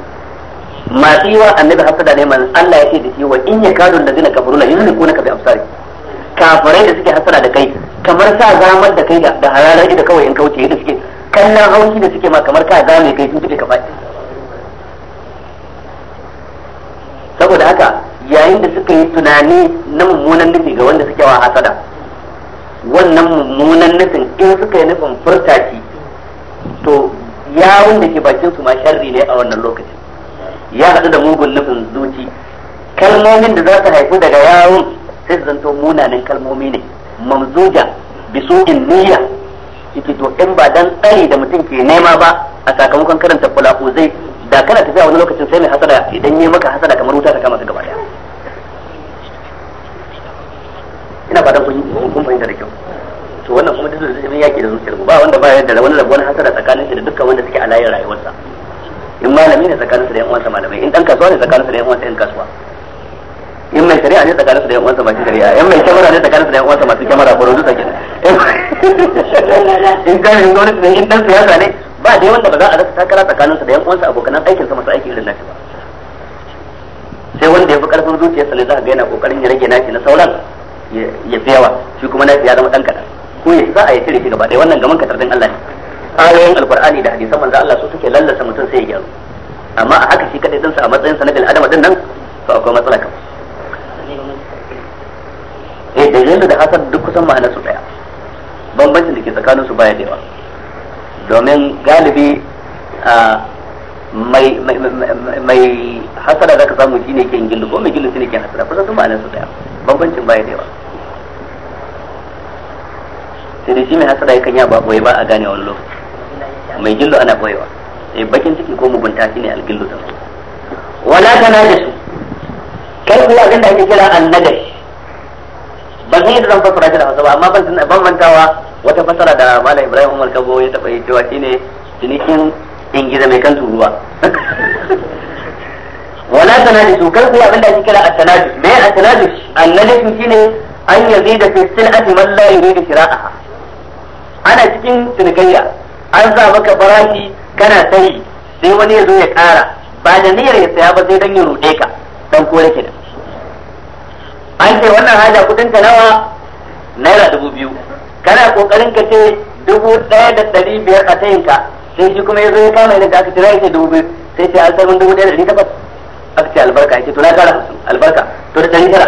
A: ma yi annabi hasada ne manzon Allah ya ce da shi wa in da zina kafaru la yuzlikuna ka bi absari kafirai da suke hasada da kai kamar sa zamar da kai da halala da kawai in kauce yadda suke kallon haushi da suke ma kamar ka zame kai sun tuke ka faɗi saboda haka yayin da suka yi tunani na mummunan nufi ga wanda suke wa hasada wannan mummunan nufin in suka yi nufin furta shi to yawon da ke bakin su ma sharri ne a wannan lokacin ya haɗu da mugun nufin zuci kalmomin da za su haifi daga yawon sai su zanto munanan kalmomi ne mamzuja bisu in niyya ciki to in ba dan tsari da mutum ke nema ba a sakamakon karanta fulaku zai da kana tafiya wani lokacin sai mai hasada idan yi maka hasada kamar wuta ta kama ka gaba daya ina dan kun fahimta da kyau to wannan kuma duk da zai yaki da zuciyar ba wanda ba da wani rabuwar hasara tsakanin shi da dukkan wanda suke a layin rayuwarsa in malami ne tsakanin su da yan uwansa malamai in dan kasuwa ne tsakanin su da yan uwansa yan kasuwa in mai shari'a ne tsakanin su da yan uwansa masu shari'a in mai kyamara ne tsakanin su da yan uwansa masu kyamara ko rozu kenan
B: [laughs]
A: in kan in gwamnati ne in dan siyasa ne ba dai wanda ba za a rasa takara tsakanin su da yan uwansa abokanan aikinsa masu aiki irin nashi ba sai wanda ya fi karfin zuciyarsa ne za a ga yana kokarin ya rage nashi na sauran ya fi yawa shi kuma nashi ya zama dan kaɗan ko ya za a yi cire shi gaba ɗaya wannan gaman katardin Allah ne ayoyin alqur'ani da hadisan manzo Allah su suke lallasa mutum sai ya gyaru amma a haka shi kadai dinsa a matsayin sa na bil'adam adama din nan to akwai matsala kan eh da yanda da hasad duk kusan ma'anar su daya bambancin da ke tsakanin su baya da yawa domin galibi a mai mai hasada zaka samu shine ke yin ko mai gillu shine ke hasada kusan su ma'anar su daya bambancin baya da yawa sai dai shi mai hasara yakan ya ba boye ba a gane wani lokaci mai gillo ana boyewa sai eh, bakin ciki ko mugunta shi ne algillo da wala tana da su kai kuma abin da ake kira annadash ban san yadda zan fassara shi da Hausa ba amma ban san ban mantawa wata fassara da Malam Ibrahim Umar Kabo ya taba yi cewa shine cinikin ingiza mai kan turuwa [laughs] wala da su kar ku abin da ake kira at-tanajis me at-tanajis shi najis shine an yazida fi sin'ati man la yuridu shira'aha ana cikin cinikayya an sa maka farashi kana sayi sai wani ya zo ya ƙara ba da niyyar ya saya ba sai dan ya rude ka dan kore ki da an ce wannan haja kudin ka nawa naira dubu biyu kana kokarin ka ce dubu ɗaya da ɗari biyar a tayin ka sai shi kuma ya zo ya kama irin ka aka ya rai ce dubu biyu sai ce an sarmin dubu ɗaya da ɗari takwas aka ce albarka ya ce to na ƙara albarka to da ɗari tara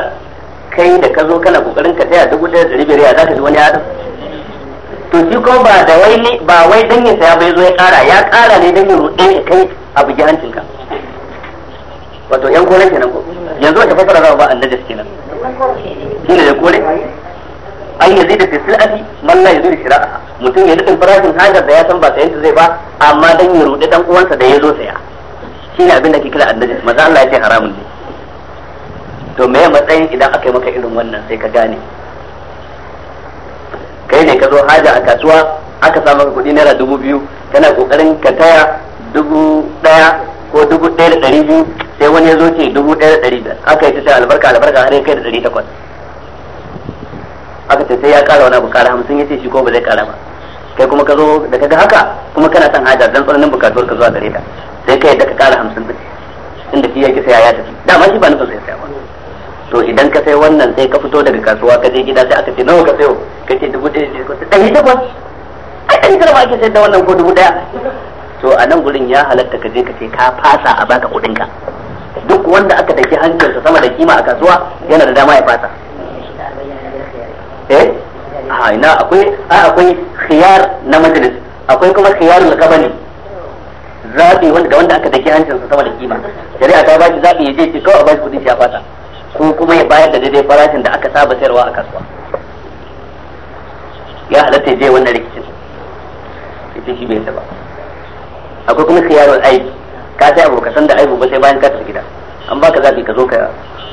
A: kai da ka zo kana kokarin ka taya dubu ɗaya da ɗari biyar ya za ka ji wani adam to shi kuma ba da wai ba wai dangin sa ya bai zo ya kara ya kara ne dan ya rude ka kai a bugi hancin ka wato yan kore kenan ko yanzu wata fasara za ba annajas kenan ne da kore an yi zai da ati man la yuzu shira'a mutum ya nufin farashin hajar da ya san ba sayanta zai ba amma dan ya rude dan uwansa da ya zo saya Shi ne abin da ke kira annajas maza Allah ya ce haramun ne to me matsayin idan aka yi maka irin wannan sai ka gane kai ne ka zo haja a kasuwa aka samu kuɗi naira dubu biyu kana kokarin ka taya dubu ɗaya ko dubu ɗaya da ɗari biyu sai wani ya zo ce dubu ɗaya da ɗari biyar aka yi ta sai albarka albarka har ya kai da ɗari takwas aka ce sai ya kara wani abu kara hamsin ya ce shi ko ba zai kara ba kai kuma ka zo da kaga haka kuma kana son haja dan tsananin bukatuwar ka zuwa gare ta sai kai da ka kara hamsin ɗin inda shi ya kisa ya tafi dama shi ba nufin sai saya ba to idan ka sai wannan sai ka fito daga kasuwa ka je gida sai aka ce nawa ka sayo ka ce dubu ɗaya ce ɗari takwas ai ɗari tara ake sayar da wannan ko dubu ɗaya to a nan gurin ya halatta ka je ka ce ka fasa a baka kuɗinka duk wanda aka daki hancinsa sama da kima a kasuwa yana da dama ya fasa eh a ina akwai akwai khiyar na majalis akwai kuma khiyar al-qabani zabi wanda wanda aka daki hancinsa sama da kima shari'a ta ba shi zabi ya je ki kawai a ba shi kudin shi ya fasa ko kuma ya bayar da daidai farashin da aka saba sayarwa a kasuwa ya halatta je wannan rikicin ita shi bai ba akwai kuma khiyarul aiki ka sai abu ka san da aibu ba sai bayan ka tafi gida an baka zafi ka zo ka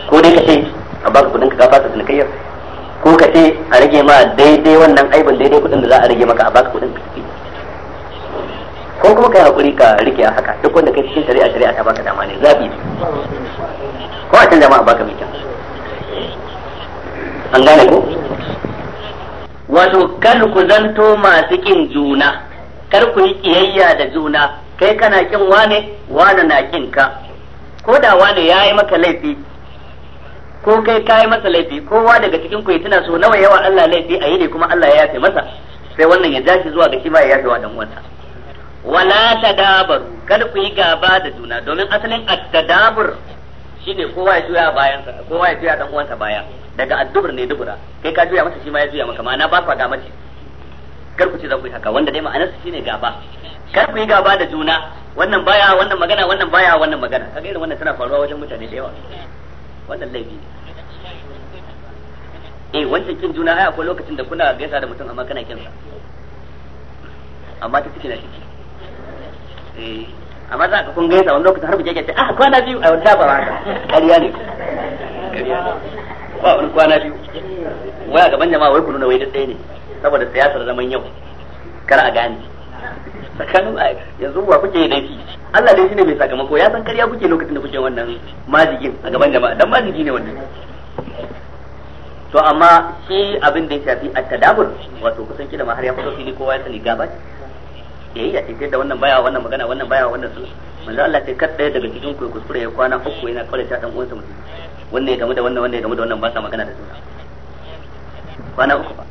A: ko dai ka ce a baka kudin ka kafa fasa cinikayyar ko ka ce a rage ma daidai wannan aibin daidai kudin da za a rage maka a baka kudin ka tafi ko kuma kai hakuri ka rike a haka duk wanda kai cikin shari'a shari'a ta baka dama ne zabi ne ko a can a baka mai an gane ko wato kar ku zanto masu kin juna kar ku yi kiyayya da juna kai kana kin wane wane na kin ka ko da wane ya yi maka laifi ko kai ka yi masa laifi kowa daga cikin ku tana so nawa yawa Allah laifi a yi ne kuma Allah ya yafe masa sai wannan ya dace zuwa ga shi ba ya yafe wa dan wannan wala tadabaru kar ku yi gaba da juna domin asalin at-tadabur shine kowa ya juya bayan kowa ya juya dan uwansa baya daga addubur ne dubura kai ka juya masa shi ma ya juya maka ma'ana ba ku ga mace kar ku ce za ku yi haka wanda dai ma'anar su shine gaba kar ku yi gaba da juna wannan baya wannan magana wannan baya wannan magana kaga irin wannan tana faruwa wajen mutane da yawa wannan laifi eh wancan kin juna ai akwai lokacin da kuna gaisa da mutum amma kana kinsa amma ta ciki na ciki Eh, amma za ka kun gaisa wani lokacin har buje ce ah kwana biyu a wata ba haka ƙarya ne ba wani kwana biyu a gaban jama'a wai kunu na wai da tsaye ne saboda siyasar zaman yau kar a gane tsakanin yanzu ba kuke da shi Allah dai shine mai sakamako ya san kariya kuke lokacin da kuke wannan majigin a gaban jama'a dan majigi ne wannan to amma shi abin da ya shafi at tadabur wato kusan kida ma har ya fito fili kowa ya sani gaba kiyayya ce da wannan baya wannan magana wannan baya wannan sun manzo Allah ce kad daya daga cikin ku ya kuskure ya kwana uku yana kawai ta dan uwansa mutum wannan ya gamu da wannan wannan ya gamu da wannan ba sa magana da su kwana uku ba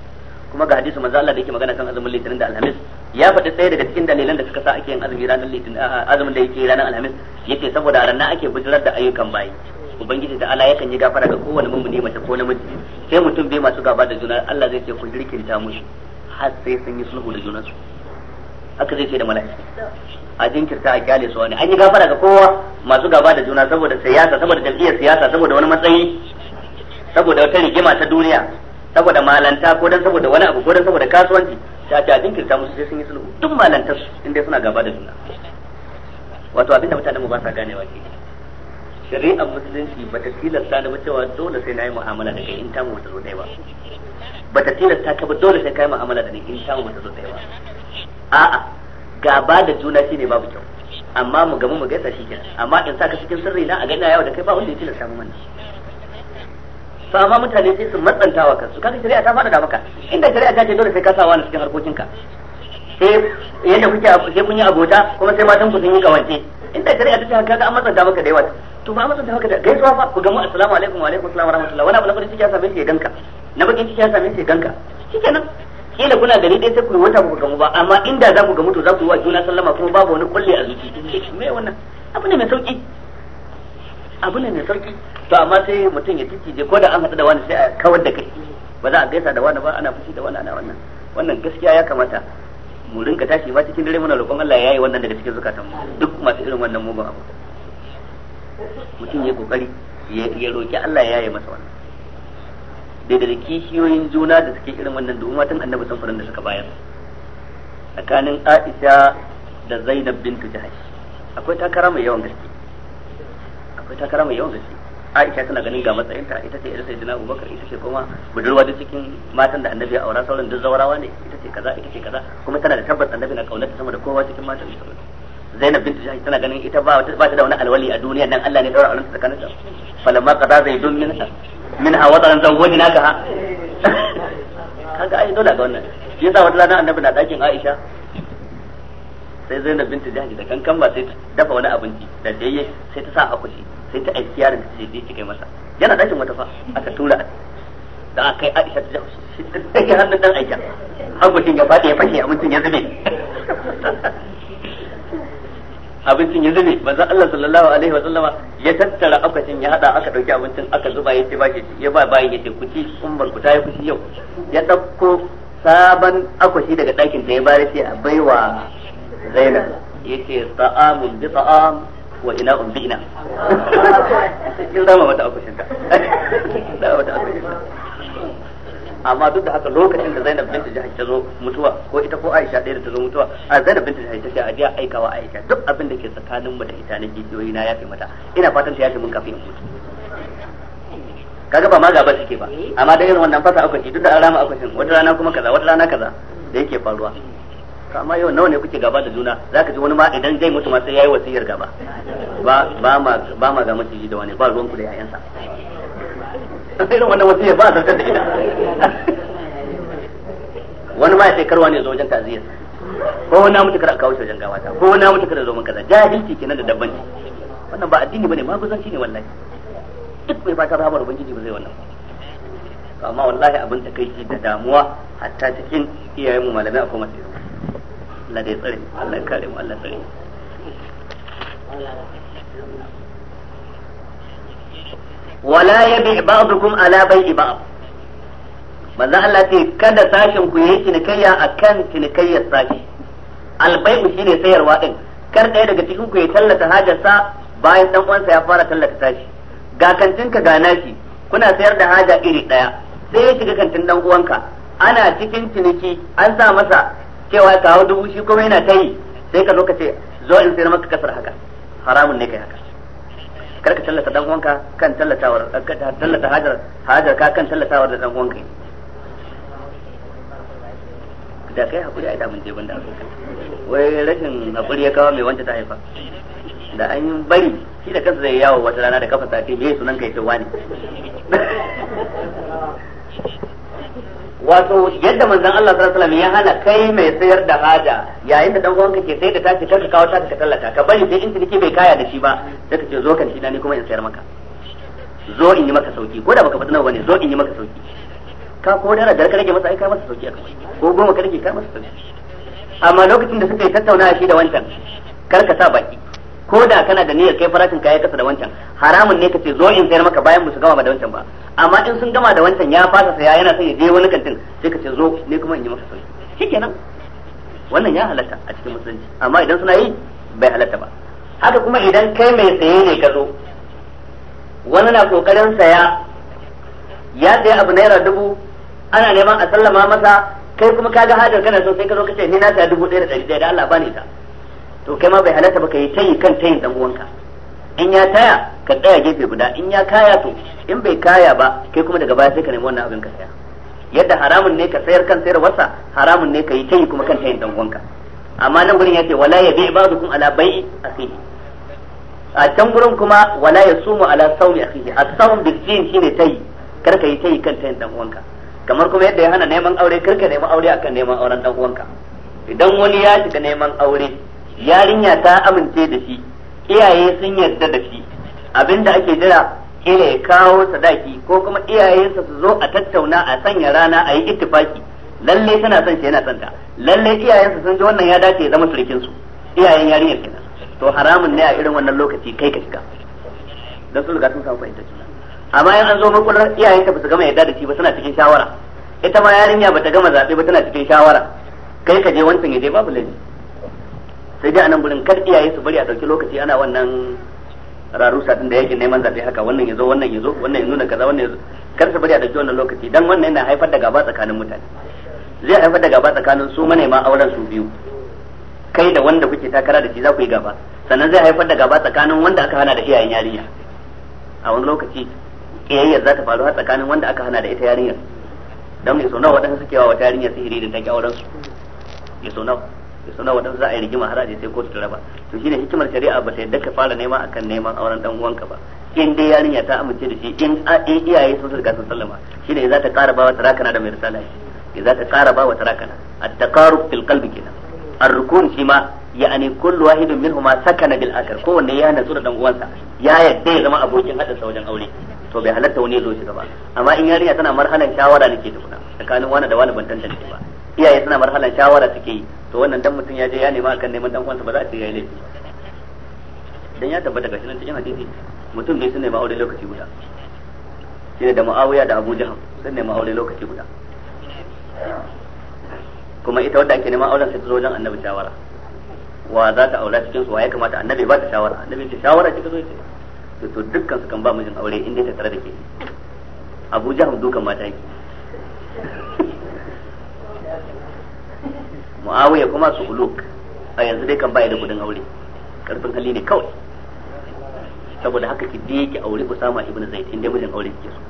A: kuma ga hadisi manzo Allah da yake magana kan azumin litinin da alhamis ya faɗi ɗaya daga cikin dalilan da suka sa ake yin azumi ranar litinin azumin da yake ranar alhamis yake saboda a ranar ake bijirar da ayyukan bayi ubangiji da Allah yakan yi gafara ga kowane mummuni mace ko namiji sai mutum bai masu gaba da juna Allah zai ce ku jirkinta mushi har sai sun yi sulhu da junansu haka zai ce da mala'ika a jinkirta a kyale su wani an yi gafara ga kowa masu gaba da juna saboda siyasa saboda jam'iyyar siyasa saboda wani matsayi saboda wata rigima ta duniya saboda malanta ko dan saboda wani abu ko dan saboda kasuwanci ta ta jinkirta musu sai sun yi sulhu duk malantar su inda suna gaba da juna wato abinda mutanen mu ba sa ganewa ke shari'ar musulunci ba ta tilasta ni cewa dole sai na yi mu'amala da kai in mu ba ta zo ɗaya ba ba ta tilasta ka ba dole sai ka yi mu'amala da ni in mu ba ta zo ɗaya ba a'a gaba da juna shine babu kyau amma mu gamu mu gaisa shikenan amma in saka cikin sirri na a ga ina yawa da kai ba wanda ya da samu mana to amma mutane sai su matsantawa kansu kaga shari'a ta da maka inda shari'a ta ce dole sai ka sa wani cikin harkokinka sai yadda kuke sai kun yi abota kuma sai matan ku sun yi kawance inda shari'a ta ce kaga an matsanta maka da yawa to ba matsanta maka da gaisuwa fa ku gamu assalamu alaikum wa alaikum assalam wa rahmatullahi wani abu na farin ciki ya same shi ya ganka na bakin ciki ya same shi ya ganka shikenan kila kuna gari ɗaya sai ku wata ku gamu ba amma inda za ku gamu to za ku yi wa juna sallama kuma babu wani kulle a zuci me wannan abu ne mai sauki abu ne mai sauki to amma sai mutum ya je ko da an haɗu da wani sai a kawar da kai ba za a gaisa da wani ba ana fushi da wani ana wannan wannan gaskiya ya kamata mu rinka tashi ma cikin dare muna roƙon Allah ya yi wannan daga cikin zukatan mu duk masu irin wannan mugun abu mutum ya kokari ya roki Allah ya yi masa wannan Daidai da kishiyoyin juna da suke irin wannan da matan annabi sun furin da suka bayar tsakanin Aisha da Zainab bintu Jahash akwai takara mai yawan gaske akwai takara mai yawan gaske Aisha tana ganin ga matsayinta ita ce irin sayyidina Abubakar ita ce kuma budurwa da cikin matan da annabi ya aura sauran duk zawarawa ne ita ce kaza ita ce kaza kuma tana da tabbas annabi na kaunarta sama da kowa cikin matan da Zainab bintu Jahash tana ganin ita ba ta da wani alwali a duniya nan Allah ne daura aurenta tsakaninta falamma qada zaidun minha
B: a minha wadaran zawwajnaka ha [laughs] kaga
A: ai dole ga wannan shi yasa wata rana annabi na dakin Aisha sai Zainab binti jihar da kankan ba sai ta dafa wani abinci da dai sai ta sa a kushi sai ta aiki yaron da sai ta kai masa yana dakin wata fa aka tura da kai Aisha ta Jahsh shi ta dai hannun dan Aisha har mutum ya fadi ya fashe abincin ya zube [laughs] abincin ya zube manzon Allah sallallahu alaihi wa sallama ya tattara akwatin ya hada aka dauki abincin aka zuba ya ce bashi ya ba bayin ya ce ku ci umbar ku tayi kuci yau ya dauko sabon akwashi daga dakin da ya bari sai a baiwa Zainab yace ta'amun bi ta'am wa ina um bi ina
B: [laughs]
A: kin dama mata akwashin ta dama [laughs] mata akwashin amma duk da haka lokacin da Zainab binta Jahash ta zo mutuwa ko ita ko Aisha ɗaya da ta zo mutuwa a Zainab binta Jahash ta ce a je aikawa Aisha duk abin da ke tsakanin mu da ita na gidoyi na yafe mata ina fatan ta yafe mun kafin mutu
B: kaga ba ma gaba take ba amma da irin wannan
A: fasa akwai duk da an rama akwai wata rana kuma kaza wata rana kaza da yake faruwa to amma yau nawa ne kuke gaba da juna zaka ji wani ma idan zai mutu ma sai yayi wasiyar gaba ba ba ma ba ma ga maciji da wani ba ruwan ku da yayansa
B: irin wannan wasu ba zartar da ita
A: wani ma ya sai karwa ne zo wajen ta'aziyar ko wani mutu kada kawo shi wajen gawata ko wani mutu kada zo mun kaza jahilci kenan da dabbanci wannan ba addini bane ma guzanci ne wallahi duk mai fata rahamar ubangiji ba zai wannan to amma wallahi abin ta kai da damuwa hatta cikin iyayenmu malamai akwai masu Allah da tsare Allah kare mu Allah tsare mu wala yabi ba'dukum ala bai'i ba'd manzo Allah ce kada sashin ku yi cinikayya akan cinikayyar sashi albai'u shine sayarwa din kar ɗaya daga cikin ku ya tallata hajarsa bayan dan uwansa ya fara tallata sashi ga kantinka ga shi kuna sayar da haja iri ɗaya sai ya shiga kantin dan uwanka ana cikin ciniki an sa masa cewa kawo dubu shi kuma yana ta sai ka zo ka ce zo in sayar maka kasar haka haramun ne kai haka karka tallata dan uwanka kan tallatawar eh, tallata hajar hajar ka kan tallatawar da dan uwanka da kai hakuri ai da mun je banda wai rashin hakuri ya kawo mai wanda ta haifa da an yi bari shi da kansa zai yawo wata rana da kafa sati me sunan kai ce wani
B: [laughs]
A: wato yadda manzon Allah sallallahu alaihi wasallam ya hana kai mai sayar da haja yayin da dan uwanka ke sai da tashi kanka kawo ta ka tallata ka bari sai in ciniki bai kaya da shi ba sai ka ce zo kan shi na ni kuma in sayar maka zo in yi maka sauki ko da baka fadi nawa bane zo in yi maka sauki ka ko da da ka rage masa ai ka masa sauki ko goma ka rage ka masa sauki amma lokacin da suka yi tattauna shi da wancan kar ka sa baki ko da kana da niyyar kai farashin kayan kasa da wancan haramun ne kace zo in sayar maka bayan musu gama da wancan ba amma in sun gama da wancan ya fasa saya yana son ya je wani kantin sai kace zo ne kuma in yi maka sauki shikenan wannan ya halatta a cikin musulunci amma idan suna yi bai halatta ba haka kuma idan kai mai saye ne ka zo wani na kokarin saya ya saya abu naira dubu ana neman a sallama masa kai kuma ka ga hajar kana so sai ka zo kace ni na saya dubu ɗaya da ɗari ɗaya da Allah bani ta to kai ma bai halatta ba ka yi tayi kan tayin dan uwanka in ya taya ka tsaya gefe guda in ya kaya to in bai kaya ba kai kuma daga baya sai ka nemi wannan abin ka saya yadda haramun ne ka sayar kan sayar wasa haramun ne ka yi tayi kuma kan tayin dan uwanka amma nan gurin yace wala yabi ba'dukum ala bai'i akhihi a can gurin kuma wala sumu ala sawmi akhihi as-sawm bi shine tayi kar ka yi tayi kan tayin dan uwanka kamar kuma yadda ya hana neman aure kar ka nemi aure akan neman auren dan uwanka idan wani ya shiga neman aure yarinya ta amince da shi iyaye sun yarda da shi abinda ake jira kire ya kawo sadaki ko kuma iyayensa su zo a tattauna a sanya rana a yi ittifaki lalle tana son shi yana son ta lalle iyayensa sun ji wannan ya dace ya zama surukin su iyayen yarinyar kenan to haramun ne a irin wannan lokaci kai ka shiga don su riga sun samu fahimta juna amma in an zo makular iyayenta ba su gama yarda da shi ba suna cikin shawara ita ma yarinya ba ta gama zaɓe ba tana cikin shawara kai ka je wancan ya je babu laifi sai dai anan gurin kar iyaye su bari a dauki lokaci ana wannan rarusa din da yake neman zabe haka wannan yazo wannan yazo wannan ya nuna kaza wannan yazo kar su bari a dauki wannan lokaci dan wannan yana haifar da gaba tsakanin mutane zai haifar da gaba tsakanin su manema auren su biyu kai da wanda kuke takara da shi za ku yi gaba sannan zai haifar da gaba tsakanin wanda aka hana da iyayen yarinya a wani lokaci kiyayyar za ta faru har tsakanin wanda aka hana da ita yarinyar don ya sonawa waɗansu suke wa wata yarinya sihiri da ta ƙi auren su ya sonawa ya suna waɗansu za a yi rigima har sai kotu ta raba to shine hikimar shari'a ba ta yadda ka fara nema akan neman auren dan uwanka ba in dai yarinya ta amince da shi in iyaye sun riga sun sallama shine za ta ƙara bawa tarakana da mai risala shi eh, za ta ƙara bawa tarakana at-taqarrub fil qalbi kenan ar-rukun shi ma ya'ani kullu wahidin minhuma sakana bil akhar kowanne ya natsu da dan uwansa ya yadda ya zama abokin hadin sa wajen aure to bai halatta wani zo shi ba amma in yarinya tana marhalan shawara nake tukuna tsakanin wani da wani ban tantance ba iyaye suna marhalan shawara suke yi to wannan dan mutum ya je ya nema kan neman dan uwansa ba za a ce yayi laifi dan ya tabbata ga nan cikin hadisi mutum bai sun nema aure lokaci guda shine da Muawiya da Abu Jahl sun nema aure lokaci guda kuma ita wadda ake neman auren sai ta zo wajen annabi shawara wa za ta aura cikin su wa ya kamata annabi ba ta shawara annabi ce shawara kika zo ce to to dukkan su kan ba mijin aure inda ta tare da ke Abu Jahl dukan mata yake muawiya kuma su uluk a yanzu dai kan baya da gudun aure karfin hali ne kawai saboda haka ki biye ki aure ku sama ibnu Zaid inda mijin aure kike so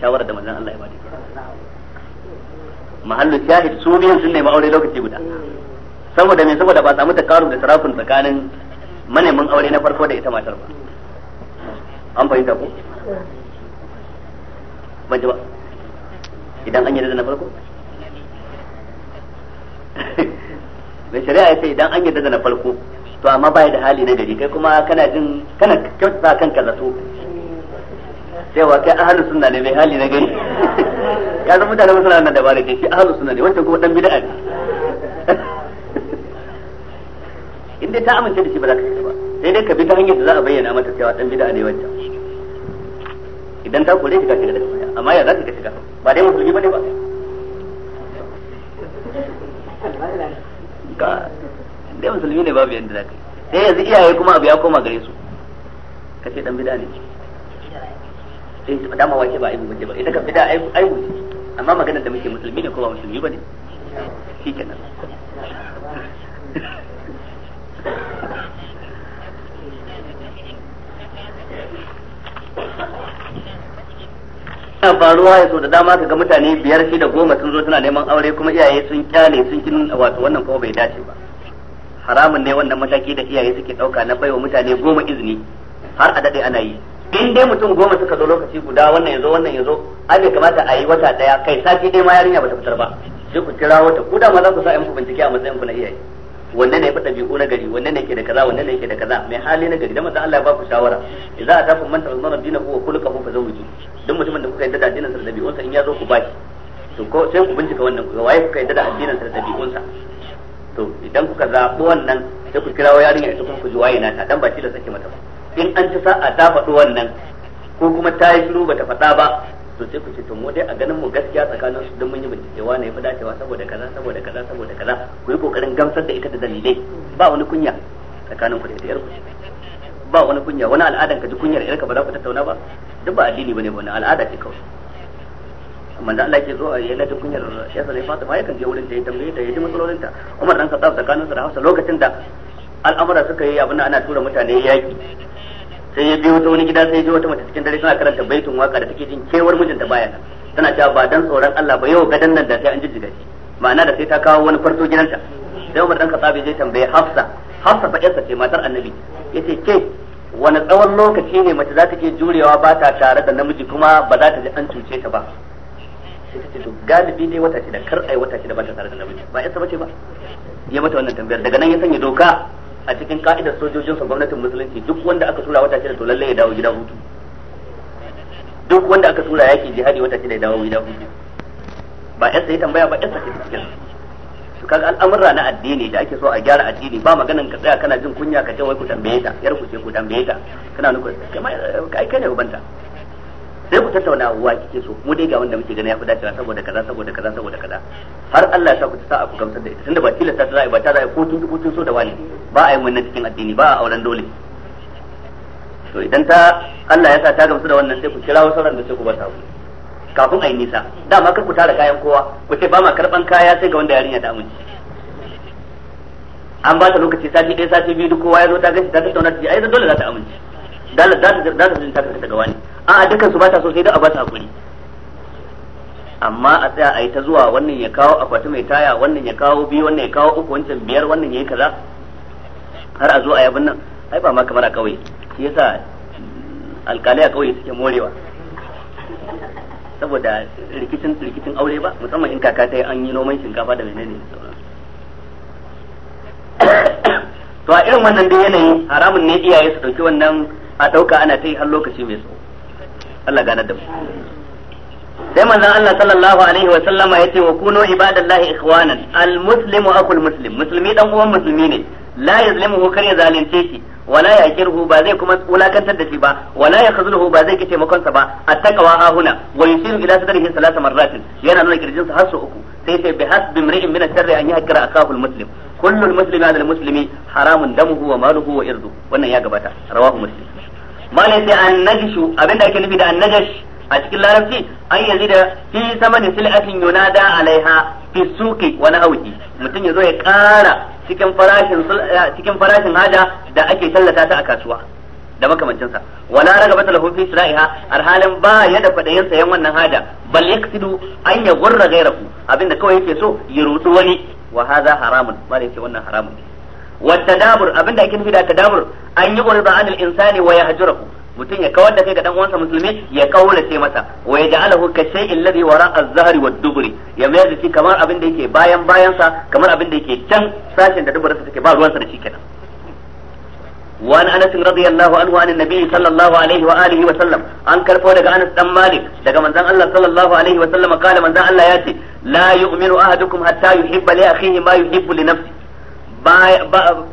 A: shawara da manzon Allah ya bada mahallu shahid su biyan sun nemi aure lokaci guda saboda me saboda ba samu takarun da tarafin tsakanin manemin aure na farko da ita matar ba an fahimta ko ban ji ba idan an yi da na farko mai shari'a ya ce idan an yadda na farko to amma bai da hali na gari kai kuma kana jin kana kyautata kanka sai wa kai ahlus sunna ne mai hali na gari [laughs] ya zama mutane suna nan ba da shi ahlus sunna ne wancan kuma dan bid'a ne [laughs] in dai ta amince da shi ba za ka shi ba sai dai ka bi ta hanyar da za a bayyana mata cewa dan bid'a ne wancan idan ta kore shi ka shiga da baya amma ya za ka shiga ba dai musulmi bane ba dai musulmi ne babu yadda za ka
B: yi sai yanzu iyaye kuma abu ya
A: koma gare su ka ce dan bida ne sai su dama wace ba aibu bace ba ita ka bida aibu ce amma magana da muke musulmi ne ko ba musulmi shi kenan suna faruwa ya so da dama ka ga mutane biyar shi da goma sun zo suna neman aure kuma iyaye sun kyale sun kin wato wannan kuma bai dace ba haramun ne wannan mataki da iyaye suke dauka na baiwa mutane goma izini har a dade ana yi in dai mutum goma suka zo lokaci guda wannan yazo wannan yazo ai bai kamata a yi wata daya kai sati dai ma yarinya bata fitar ba sai ku kira wata ku da ma za ku sa ku bincike a matsayin ku na iyaye wanne ne ya fada bi'u na gari wanne ne ke da kaza wanne ne ke da kaza mai hali na gari da manzo Allah ya ba ku shawara idza atakum man tazmana dinahu wa fa fazawiju duk mutumin da kuka yarda da addinin sa da dabi'unsa in ya zo ku bashi to ko sai ku bincika wannan ku waye kuka yarda da addinin sa da dabi'unsa to idan kuka zaɓi wannan sai ku kirawo yarinya ita kuma ku ji waye na ta dan ba da sake mata ba in an ci sa'a ta faɗo wannan ko kuma ta yi shiru bata faɗa ba to sai ku ce to mu dai a ganin mu gaskiya tsakanin su don mun yi bincike wane ya fi dacewa saboda kaza saboda kaza saboda kaza ku yi kokarin gamsar da ita da dalilai ba wani kunya tsakanin ku da ita yar ku ba wani kunya wani al'adan ka ji kunyar irka ba za ku tattauna ba duk ba addini bane wani al'ada ce kawai amma da Allah ke zo a yi latin kunyar shesa ne fata ma yakan je wurin da ya tambaye ta ya ji matsalolin ta Umar dan Khattab tsakanin sa da Hafsa lokacin da al'amura suka yi abin ana tura mutane yaki sai ya biyo ta wani gida sai ya je wata mace cikin dare tana karanta baitun waka da take jin kewar mijinta baya nan tana cewa ba dan tsoron Allah ba yau gadan nan da sai an ji shi ma'ana da sai ta kawo wani farto gidanta sai Umar dan Khattab ya je tambaye Hafsa Hafsa fa ƴarsa ce matar Annabi yace ke wani tsawon lokaci ne mace za ta ke jurewa ba ta tare da namiji kuma ba za ta ji an cuce ta ba ita ce to galibi ne wata shida kar ai wata shida ba ta tare da namiji ba yasa bace ba ya mata wannan tambayar daga nan ya sanya doka a cikin ka'idar sojojin sa gwamnatin musulunci duk wanda aka tura wata shida to lalle ya dawo gida hutu duk wanda aka tura yaki jihadi wata shida ya dawo gida hutu ba yasa ya tambaya ba yasa ce to kaga al'amurra na addini da ake so a gyara addini ba maganan ka tsaya kana jin kunya ka ce wai ku tambaye ta yar ku ce ku tambaye ta kana nuku kai kai ne ubanta sai ku tattauna wa kike so mu dai ga wanda muke gani ya fi dacewa saboda kaza saboda kaza saboda kaza har Allah ya sa ku ta sa'a ku gamsar da ita tunda ba tilasta ta za'a ba ta za'a ko tun ko tun so da wani ba a yi wannan cikin addini ba a auren dole to idan ta Allah ya sa ta gamsu da wannan sai ku kira wasu ran da sai ku ba ta kafin a yi nisa dama kar ku tara kayan kowa ku ce ba ma karban kaya sai ga wanda yarinya ta amince an ba ta lokaci sati ɗaya sati biyu kowa ya zo ta gashi ta tattauna ta ji ai dole za ta amince dole za ta za ta jinta ta daga wani a a dukkan su ba ta so sai da a ba ta hakuri amma a tsaya a yi ta zuwa wannan ya kawo akwati mai taya wannan ya kawo biyu wannan ya kawo uku wancan biyar wannan ya yi kaza har a zo a yabin nan ai ba ma kamar a ƙauye, shi yasa alƙalai a ƙauye suke morewa saboda rikicin rikicin aure ba musamman in kaka ta yi an yi noman shinkafa da menene [coughs] to a irin wannan dai yanayi haramun ne iyaye su dauki wannan a dauka ana ta yi har lokaci mai tsawo Allah Gana da mu sai manzon Allah sallallahu alaihi wa sallama yace wa kunu ibadallahi ikhwanan al muslimu akul muslim muslimi dan uwan musulmi ne la yazlimuhu kar ya zalunce shi wala yaqirhu ba zai kuma ulakantar da shi ba wala yakhzuluhu ba zai taimakon makonsa ba attaqwa ha huna wa yusiru ila sadrihi thalath marratin yana nuna kirjin sa har su uku sai sai bi hasbi imri'in min ash-sharri an yahkira akahu al-muslim kullu al-muslimi ala al-muslimi haramun damuhu wa maluhu wa irdu wannan ya gabata rawahu muslim malai sai an najishu abinda ake nufi da an najash a cikin larabci an yanzu da fi sama ne sil'atin yunada alaiha fi suki wani hauki mutum ya zo ya kara cikin farashin eh, cikin farashin haja da ake tallata ta a kasuwa da makamancinsa wala ragabata lahu fi shira'iha alhalin ba ya da kwadayin sayan wannan haja bal yaktidu an ya gurra gairahu abinda kawai yake so ya rudu wani wa hadha haramun bare yake wannan haramun ne wa abinda ake nufi da tadabur an yi qurba insani wa yahjuruhu mutum ya kawar da kai ga dan uwansa musulmi ya kaurace masa wa ya ja'alahu ka shay'in ladhi wara az-zahri wa dubri ya mayar da shi kamar abin da yake bayan bayan sa kamar abin da yake can sashin da dubarin sa take ba ruwan sa da shi kenan wa an anas radiyallahu anhu an annabi sallallahu alaihi wa alihi wa sallam an karfo daga anas dan malik daga manzon Allah sallallahu alaihi wa sallam kala manzon Allah ya ce la yu'minu ahadukum hatta yuhibba li akhihi ma yuhibbu li nafsihi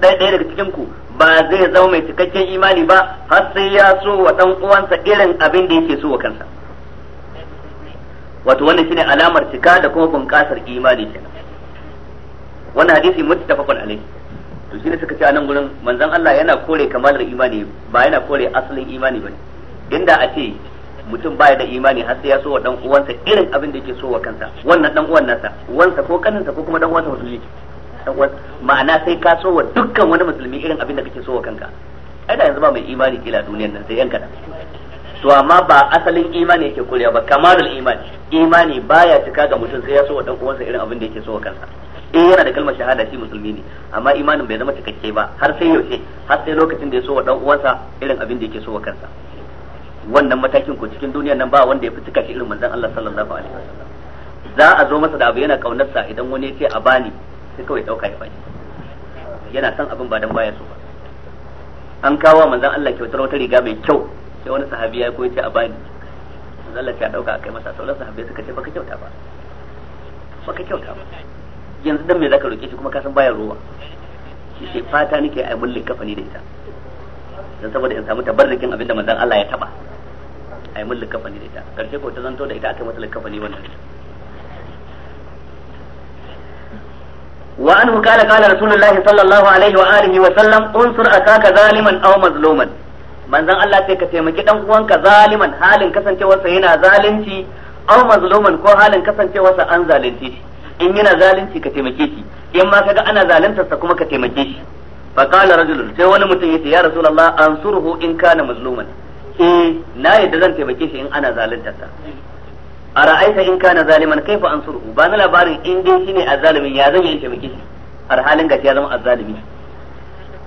A: daya daga cikin ku ba zai zama mai cikakken imani ba har sai ya so wa dan uwansa irin abin da yake so wa kansa wato wannan shine alamar cika da kuma bunƙasar imani kenan wannan hadisi muttafaqun alaihi to shine suka ce a nan gurin manzon Allah yana kore kamalar imani ba yana kore asalin imani bane inda a ce mutum baya da imani har sai ya so wa dan uwansa irin abin da yake so wa kansa wannan dan uwan nasa wansa ko kaninsa ko kuma dan uwansa musulmi ma'ana sai ka so wa dukkan wani musulmi irin abin da kake so wa kanka ai da yanzu ba mai imani la duniyar nan sai yanka da to amma ba asalin imani yake kurewa ba kamalul imani imani baya cika ga mutum sai ya so wa dan uwansa irin abin da yake so wa kansa eh yana da kalmar shahada shi musulmi ne amma imanin bai zama cikakke ba har sai yaushe har sai lokacin da ya so wa dan uwansa irin abin da yake so wa kansa wannan matakin ko cikin duniyar nan ba wanda ya fi cika shi irin manzon Allah sallallahu alaihi wasallam za a zo masa da abu yana kaunarsa idan wani ya ce a bani sai kawai dauka ya bashi yana son abin ba dan baya so ba an kawo manzon Allah kyautar wata riga mai kyau sai wani sahabi ya koyi ce a bani manzon Allah ya dauka kai masa sauran sahabbai suka ce baka kyauta ba baka kyauta ba yanzu dan me zaka roke shi kuma ka san baya ruwa shi sai fata nake ai mun kafani da ita dan saboda in samu tabarrukin abinda manzon Allah ya taba ai mun kafani da ita karshe ko ta zanto da ita akai masa likafani wannan وأنه قال قال رسول الله صلى الله عليه وآله وسلم انصر أكاك ظالما أو مظلوما manzon Allah ce ka taimaki dan uwanka zaliman halin kasancewarsa yana zalunci aw mazluman ko halin kasancewarsa an zalunce shi in yana zalunci ka taimake shi in ma kaga ana zaluntarsa kuma ka taimake shi fa qala sai wani mutum yace ya rasulullah ansuruhu in kana mazluman eh na yadda zan taimake shi in ana zaluntarsa a ra'aita in kana zaliman kaifa ansuruhu ba na labarin in dai shine azzalimin ya zan yi taimake shi har halin gashi ya zama azzalimi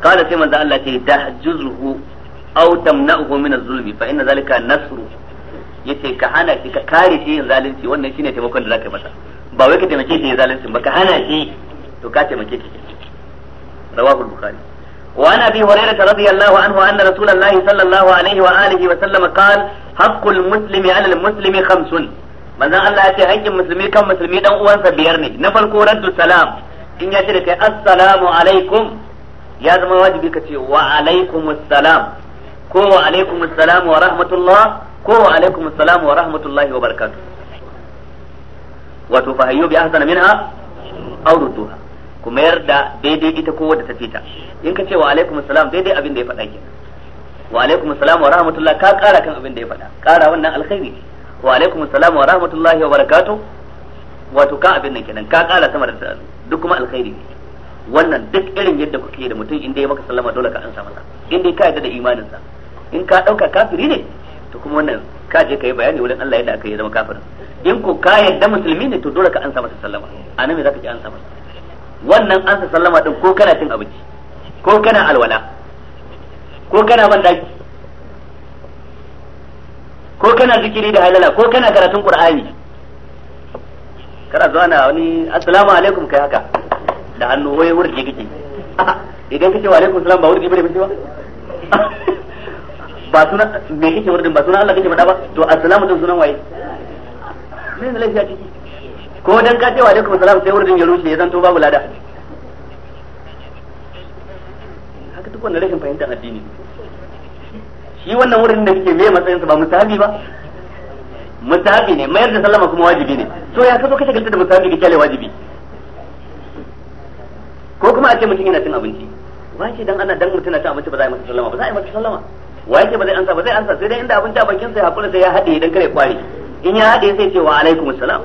A: Kada sai manzo Allah ce da tahjuzuhu aw tamna'uhu min az-zulmi fa inna zalika nasru yace ka hana shi ka kare shi yin zalunci wannan shine taimakon da zaka masa ba wai ka taimake shi yin zalunci ba ka hana shi to ka taimake shi rawahu al-bukhari وعن ابي هريره رضي الله عنه ان رسول الله صلى الله عليه واله وسلم قال حق المسلم على المسلم خمس manzon Allah ya ce hakkin musulmi kan musulmi dan uwansa biyar ne na farko raddu salam in ya ce da kai assalamu alaikum ya zama wajibi ka ce wa alaikum salam ko wa alaikum salam wa rahmatullah ko wa alaikum salam wa rahmatullah wa barakatuh wato fa hayyu bi ahsana minha aw rudduha kuma yarda daidai ita ko wadda ta fita in ka ce wa alaikum salam daidai abin da ya faɗa kenan wa alaikum salam wa rahmatullah ka ƙara kan abin da ya faɗa ƙara wannan alkhairi ne wa alaikum salam wa rahmatullahi wa barakatuh wato ka abin nan kenan ka kala sama da tsaro duk kuma alkhairi ne wannan duk irin yadda kuke da mutum inda ya maka sallama dole ka ansa masa inda ka yarda da imanin sa in ka dauka kafiri ne to kuma wannan ka je ka yi bayani wurin Allah yadda aka yi zama kafirin in ko ka yarda musulmi ne to dole ka ansa masa sallama anan me zaka ji ansa masa wannan ansa sallama din ko kana cin abinci ko kana alwala ko kana ban daki ko kana zikiri da halala ko kana karatun qur'ani kana zuwa na wani assalamu alaikum kai haka da hannu wai wurje kike [laughs] idan kace wa alaikum salam ba wurje bane ba [laughs] ba suna me kike wurdin ba suna Allah kike bada ba to assalamu din sunan waye me ne lafiya ciki ko dan ka ce wa alaikum salam sai wurdin ya rushe ya zanto babu lada haka duk wannan rashin fahimtar addini shi wannan wurin da suke me matsayin sa ba musahabi ba musahabi ne mayar da sallama kuma wajibi ne to ya kazo kashe shagalta da musahabi ga kyale wajibi ko kuma a ce mutum yana cin abinci wace dan ana dan mutum na cin abinci ba za a yi masa sallama ba za a yi masa sallama wace ba zai ansa ba zai ansa sai dai inda abinci a bakin sai hakuri sai ya haɗe idan kare kwari in ya haɗe sai ce wa alaikum salam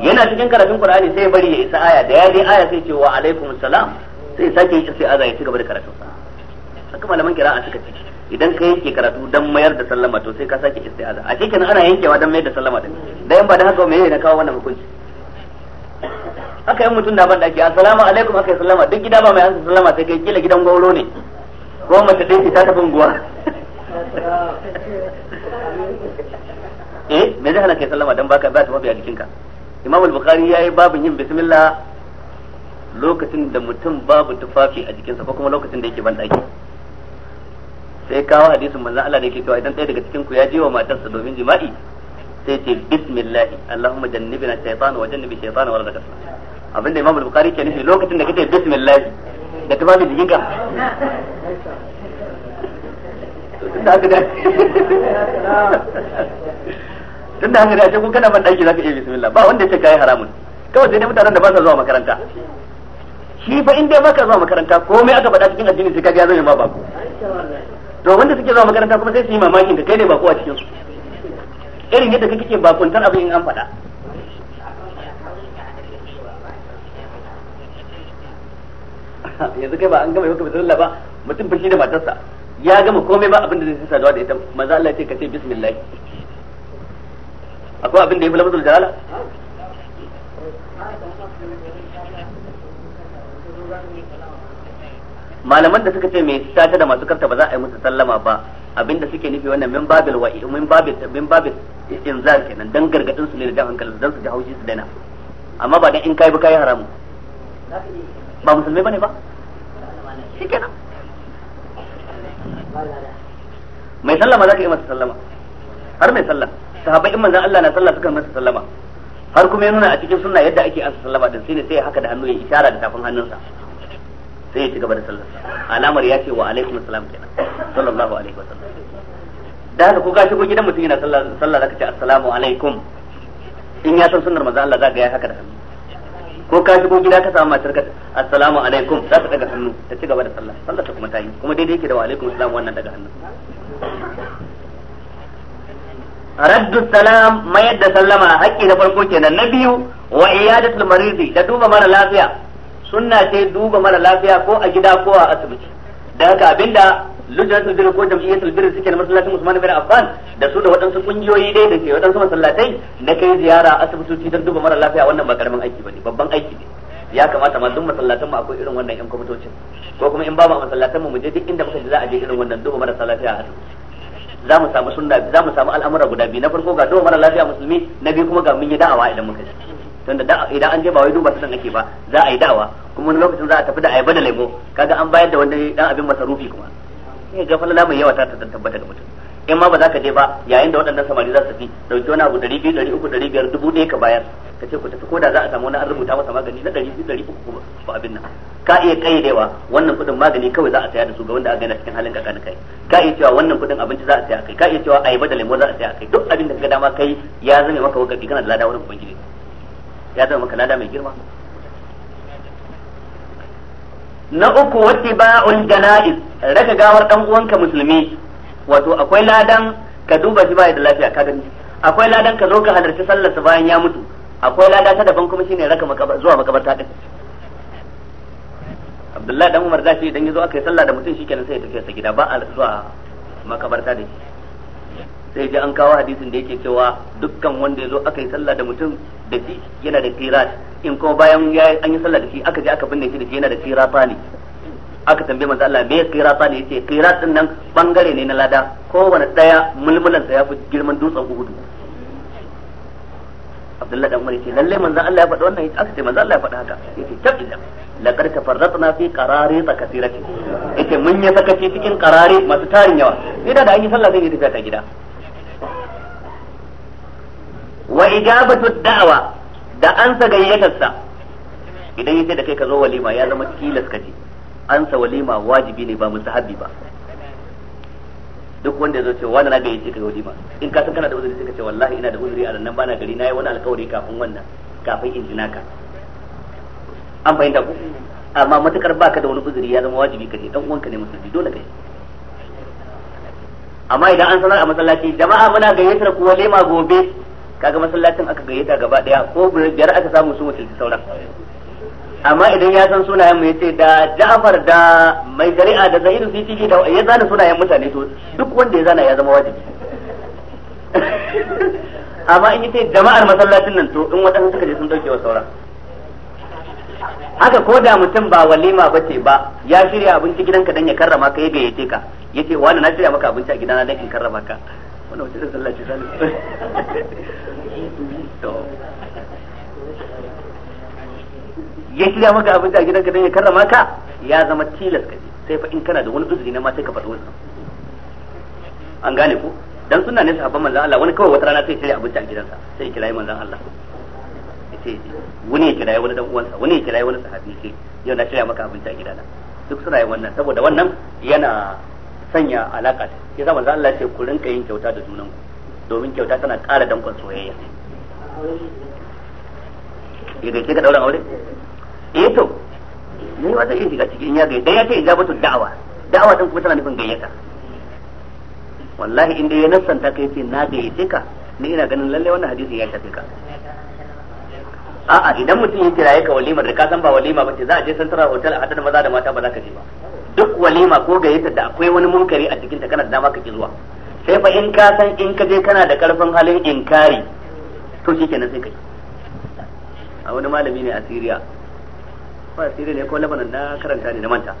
A: yana cikin karatun qur'ani sai bari ya isa aya da ya dai aya sai ce wa alaikum salam sai sake yi sai aza ya ci gaba da karatunsa. haka malaman kira'a suka ce idan ka yanke karatu dan mayar da sallama to sai ka sake isti'aza a cikin ana yankewa dan mayar da sallama din dan ba dan haka me ne na kawo wannan hukunci haka yan mutun da ban daki assalamu alaikum akai sallama duk gida ba mai ansa sallama sai kai kila gidan gauro ne ko mace dai ta tafi unguwa eh me zai hana kai sallama dan baka ba ta mafi a ka. imam al-bukhari yayi babin yin bismillah lokacin da mutum babu tufafi a jikinsa ko kuma lokacin da yake ban daki sai kawo hadisin manzon Allah da yake cewa idan ɗaya daga cikin ku ya je wa matarsa domin jima'i sai ce bismillah Allahumma jannibna shaytan wa jannibi shaytan wa abin da Imam Bukhari ke nufi lokacin da kake bismillah da tufafi jikinka tunda tun da tunda haka da ce ko kana ban za zaka iya bismillah ba wanda yace kai haramun kawai sai dai mutanen da ba sa zuwa makaranta shi fa in dai baka zuwa makaranta komai aka faɗa cikin addini sai kaga ya zama ba domin da suke zuwa makaranta kuma sai su yi mamakin ka kai ne bako a cikin su irin yadda kake ke bakuntar abin in an faɗa yanzu kai ba an gama yau ka bismillah ba mutum fashi da matarsa ya gama komai ba abin da zai sadawa da ita maza Allah ce ka ce bismillah akwai abin da ya fi lafazul jalala malaman da suka ce mai tata da masu karta ba za a yi musu sallama ba abinda suke nufi wannan min babil wa min babil min babil inzar kenan dan gargadin su ne da hankali dan su ji haushi su daina amma ba dan in kai ba kai haramu ba musulmai bane ba
B: shikenan mai sallama za ka
A: yi masa sallama har mai sallah sahabbai in manzon Allah na sallah suka masa sallama har kuma ya nuna a cikin sunna yadda ake ansa sallama din sai ne sai haka da hannu ya isharar da tafin hannunsa sai ya ci gaba da sallar alamar ya ce wa alaikum assalam kenan sallallahu alaihi wasallam da haka ko ka shigo gidan mutum yana sallah sallah zaka ce assalamu alaikum in ya san sunnar manzo Allah zaka ya haka da hannu ko ka shigo gida ka samu matar ka assalamu alaikum za ta daga hannu ta ci gaba da sallah sallar ta kuma ta yi kuma daidai yake da wa alaikum assalam wannan daga hannu
B: raddu salam mayar da sallama haƙƙi na farko kenan na
A: biyu wa iyadatul maridi da duba mara lafiya sunna ce duba mara lafiya ko a gida ko a asibiti da haka abinda lujjatul birr ko jam'iyyar birr suke na masallacin musamman bin Affan da su da waɗansu kungiyoyi dai da ke waɗansu masallatai na kai ziyara asibitoci don duba mara lafiya wannan ba karamin aiki ba ne babban aiki ne ya kamata ma duk masallatan mu akwai irin wannan yan kwamitocin ko kuma in ba mu masallatan mu mu je duk inda muka ji za a je irin wannan duba marasa lafiya a asibiti za mu samu sunna za mu samu al'amura guda biyu na farko ga duba mara lafiya musulmi na biyu kuma ga mun yi da'awa idan muka ji tunda da idan an je ba wai duba ta ake ba za a yi dawa kuma wani lokacin za a tafi da ayaba da lemo kaga an bayar da wani dan abin masarufi kuma eh ga falala mai yawa ta tabbata ga mutum in ma ba za ka je ba yayin da waɗannan samari za su fi dauki wani abu ɗari biyu ɗari uku ɗari biyar dubu ɗaya ka bayar ka ce ku tafi ko da za a samu wani an rubuta masa magani na ɗari biyu ɗari uku ko abin nan ka iya kaidewa wannan kuɗin magani kawai za a saya da su ga wanda aka gana cikin halin kana kai ka iya cewa wannan kuɗin abinci za a saya kai ka iya cewa ayaba da lemo za a saya kai duk abin da ka dama kai ya zame maka wakafi kana da lada wurin ubangiji ya zama maka lada mai girma na uku wasu ba'ul jana'iz raka gawar dan uwanka musulmi wato akwai ladan ka duba shi baya da lafiya ka gani akwai ladan ka zo ka halarci sallar sa bayan ya mutu akwai lada ta daban kuma shine raka zuwa makabarta din Abdullahi dan Umar da shi idan yazo aka yi sallah da mutum shikenan sai ya tafi sa gida ba a zuwa makabarta da shi sai ji an kawo hadisin da yake cewa dukkan wanda ya zo aka yi sallah da mutum da shi yana da qirat in kuma bayan an yi sallah da shi aka je aka binne shi da shi yana da qirata ne aka tambaye manzo Allah me qirata ne yace qirat din nan bangare ne na lada kowane daya mulmulan sa ya fi girman dutsen gudu. Abdullahi dan Umar yace lalle manzo Allah ya faɗa wannan yace aka ce manzo Allah ya faɗa haka yace tabbata laqad tafarratna fi qararita kathiratin yace mun yi sakaci cikin qarari masu tarin yawa idan da an yi sallah zai yi tafiya ta gida wa ijabatu da'wa da an sa gayyatarsa idan yace da kai ka zo walima ya zama tilas kaje an sa walima wajibi ne ba musahabi ba duk wanda yazo ce wani na gayyace ka walima in ka san kana da uzuri sai ka ce wallahi ina da uzuri a nan bana gari nayi wani alƙawari kafin wannan kafin in jina ka an fahimta ku amma matukar baka da wani uzuri ya zama wajibi kaje dan uwanka ne musulmi dole kai amma idan an sanar a masallaci jama'a muna gayyatar ku walima gobe kaga masallacin aka gayyata gaba daya ko biyar aka samu su mutunci sauran amma idan ya san sunayen mu yace da Ja'far da mai shari'a da Zaid fi tiki da ya zana sunayen mutane to duk wanda ya zana ya zama wajibi [laughs] amma in yace jama'ar masallacin nan to in wadannan suka je sun dauke wa sauran haka ko da mutum ba walima ba ce ba ya shirya abinci gidanka dan ya karrama ka ya gayyace ka yace wani na shirya maka abinci a gidana dan in karrama ka wanda wace da sallah ce ya shirya maka abinci a gidanka don ya karrama ka ya zama tilas ka sai fa in kana da wani uzuri na ma sai ka faɗi wannan an gane ko dan suna ne sahabban manzon Allah wani kawai wata rana sai shirya abinci a gidansa sai kirayi manzon Allah yace wani ya kirayi wani dan uwansa wani ya kirayi wani sahabi sai yau na shirya maka abinci a gidana duk suna yin wannan saboda wannan yana sanya alaka ke zama za Allah ce ku rinka yin kyauta da junan ku domin kyauta tana ƙara dankon soyayya idan ka daura aure eh to ni wata yin shiga cikin ya gai dai ya ce ijabatu da'awa da'awa din kuma tana nufin gayyata wallahi in dai ya nassanta kai ce na gayyace ka ni ina ganin lalle wannan hadisi ya tafi ka a'a idan mutum ya ya ka walimar da ka san ba walima ba ce za a je santara hotel a hada maza da mata ba za ka je ba duk walima ko gayyatar da akwai wani munkari a cikin ta kana da dama kake zuwa sai fa in ka san in ka je kana da karfin halin inkari to shikenan sai kai a wani malami ne a Syria ba Syria ne ko Lebanon na karanta ne na manta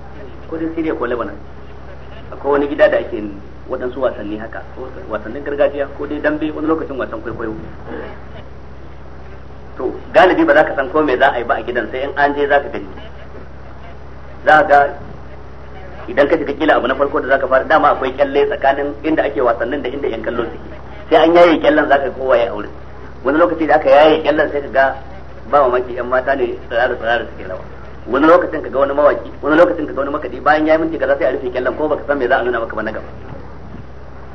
A: ko dai Syria ko Lebanon akwai wani gida da ake waɗansu wasanni haka wasannin gargajiya ko dai dambe wani lokacin wasan kwaikwayo to galibi ba za ka san ko me za a yi ba a gidan sai in an je za ka gani za ga idan ka shiga kila abu na farko da zaka fara dama akwai kyalle tsakanin inda ake wasannin da inda yan kallo suke sai an yaye kyallen zaka kowa ya aure wani lokaci da aka yaye kyallen sai ka ga ba mamaki yan mata ne tsirara tsirara suke rawa wani lokacin ka ga wani mawaki wani lokacin ka ga wani makadi bayan ya minti kaza sai a rufe kyallen ko baka san me za a nuna maka ba na gaba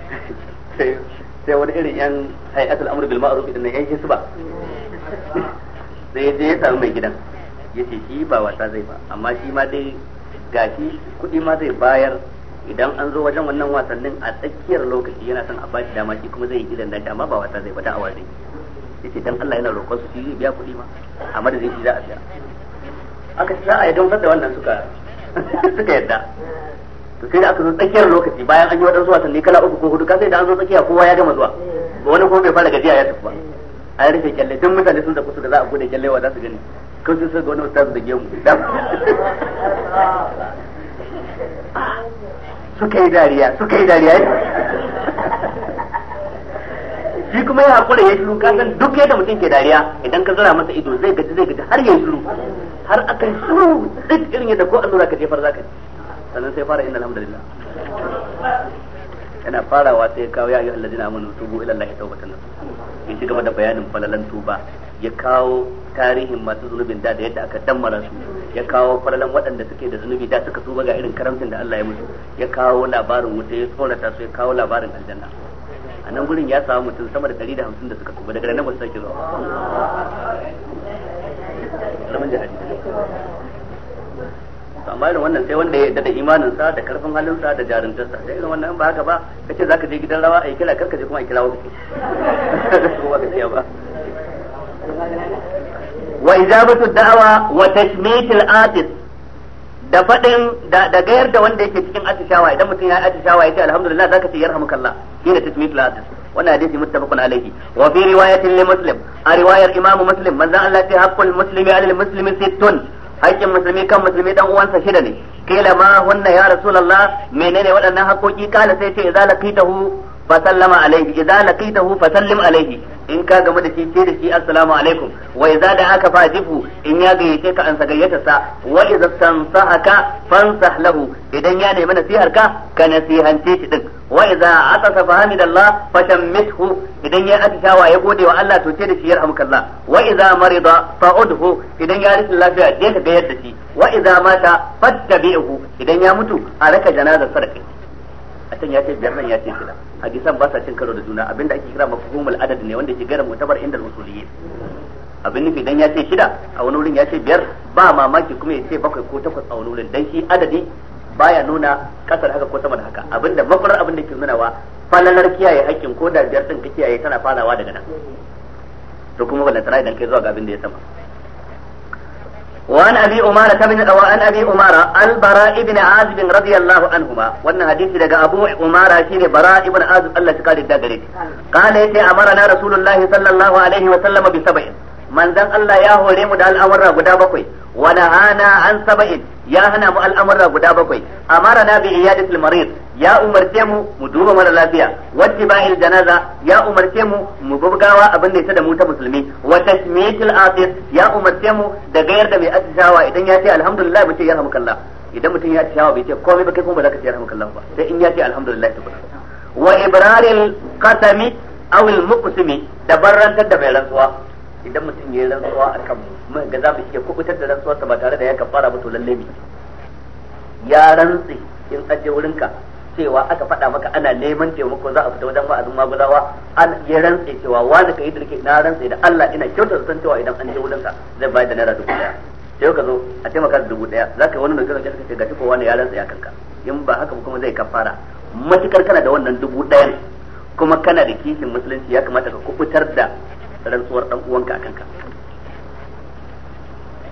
A: [laughs] sai wani irin yan hay'atul amr bil ma'ruf din nan yan hisba [laughs]
B: sai je ya samu mai gidan
A: yace shi ba wasa zai ba amma shi ma dai gashi kuɗi ma zai bayar idan an zo wajen wannan wasannin a tsakiyar lokaci yana son a ba shi dama shi kuma zai yi idan da amma ba wasa zai bata a wasanni yace dan Allah yana roƙon su shi biya kuɗi ma amma da zai shi za a biya aka ci za a yi don da wannan suka [laughs] suka yadda to sai da aka zo tsakiyar lokaci bayan an yi waɗansu wasanni kala uku ko hudu ka sai da an zo tsakiya kowa ya gama zuwa
B: wani kuma bai fara gajiya
A: ya tafi ba an rufe kyalle don mutane sun zaku su da za a bude kyalle wa za su gani kan su ga wani ustaz da gemu suka yi dariya suka yi dariya shi kuma ya hakura ya shiru kasan duk yadda mutum ke dariya idan ka zara masa ido zai gaji zai gaji har ya shiru har aka shiru duk irin yadda ko allura ka jefar zaka sannan sai fara inna alhamdulillah yana farawa sai ya kawo ya ayyuhal ladina amanu tubu ila allahi tawbatan nasuha ya ci gaba da bayanin falalan tuba ya kawo tarihin masu zunubin da da yadda aka dammara su ya kawo falalan waɗanda suke da zunubi da suka tuba ga irin karamcin da Allah ya musu ya kawo labarin wuta ya tsorata su ya kawo labarin aljanna a nan gurin ya samu mutum sama da 150 da suka tuba daga nan ba su sake zuwa amma irin wannan sai wanda ya yarda da imanin sa da karfin halin sa da jaruntar sa sai irin wannan ba haka ba kace zaka je gidan rawa ai kila karka je kuma ai kila wani ba wa ijabatu da'wa wa tashmitil atis da fadin da da gayar da wanda yake cikin atishawa idan mutum ya atishawa yace alhamdulillah zaka ce yarhamukallah shine tashmitil atis wannan hadisi muttafaqun alayhi wa fi riwayatin li muslim a riwayar imamu muslim manzo Allah ya haqqul muslimi alal muslimi sittun haƙƙin musulmi kan musulmi dan uwansa shida ne kila ma hunna ya rasulullah menene waɗannan haƙoƙi kala sai ce idza laqitahu fa sallama alaihi idza laqitahu fa sallim alayhi in ka gamu da shi ce da shi assalamu alaikum wa idza fa jifu in ya gayyace ka an sagayyata sa wa idza tansahaka fansah lahu idan ya nemi nasiharka ka nasihance shi din wa idza atasa fa hamidallah idan ya atishawa ya gode wa Allah to ce da shi yarhamukallah wa idza marida fa'udhu idan ya rashin lafiya je ka ga yadda shi wa idza mata fattabi'hu idan ya mutu a raka janazar sadaka a can ya ce biyar nan ya ce shida hadisan ba sa cin karo da juna abinda ake kira mafhumul adad ne wanda yake gaira mutabar inda usuliyyin abin nufi dan ya ce shida a wani wurin ya ce biyar ba mamaki kuma ya ce bakwai ko takwas a wani wurin dan shi adadi baya nuna kasar haka ko sama da haka da mafarar abin da ke nunawa falalar kiyaye hakkin ko da biyar din ka kiyaye tana falawa daga nan to kuma wannan tana idan kai zuwa ga abin da ya sama
B: Umara وعن ابي اماره بن وعن ابي اماره
A: البراء بن عازب رضي anhu عنهما wannan hadisi daga ابو umara shine براء بن Azib Allah ya kare da gare shi قال yace na rasulullahi sallallahu alaihi wa sallam bi sab'in manzon Allah ya hore mu da al'amurra guda bakwai wa nahana an saba'in ya hana mu al'amurra guda bakwai amara na bi iyadatil marid ya umarce mu mu duba mara lafiya wadda ba'il janaza ya umarce mu mu bubgawa abin da ya da mu ta musulmi wa tashmiyatil afis ya umarce mu da gayar da mai atishawa idan ya ce alhamdulillah mu ce yarhamukallah idan mutum ya atishawa bai ce komai ba kai kuma ba za ka ce yarhamukallah ba sai in ya ce alhamdulillah tabbata wa ibraril qasami aw al muqsimi da barrantar da mai rantsuwa idan mutum ya yi rantsuwa a kan mu ga za mu iya kubutar da rantsuwar sa ba tare da ya kafara ba to lalle ne ya rantsi in aje wurinka cewa aka faɗa maka ana neman taimako za a fita wajen wa'azin maguzawa an ya rantsi cewa wani ka yi dirke na rantsi da Allah ina kyautar san cewa idan an je ka zai bayar da naira dubu daya sai ka zo a taimaka da dubu daya za ka yi wani mai kyautar ka ce ga tuko wani ya rantsi ya kanka in ba haka kuma zai kafara matukar kana da wannan dubu ɗayan kuma kana da kishin musulunci ya kamata ka kubutar da rantsuwar dan uwanka akan ka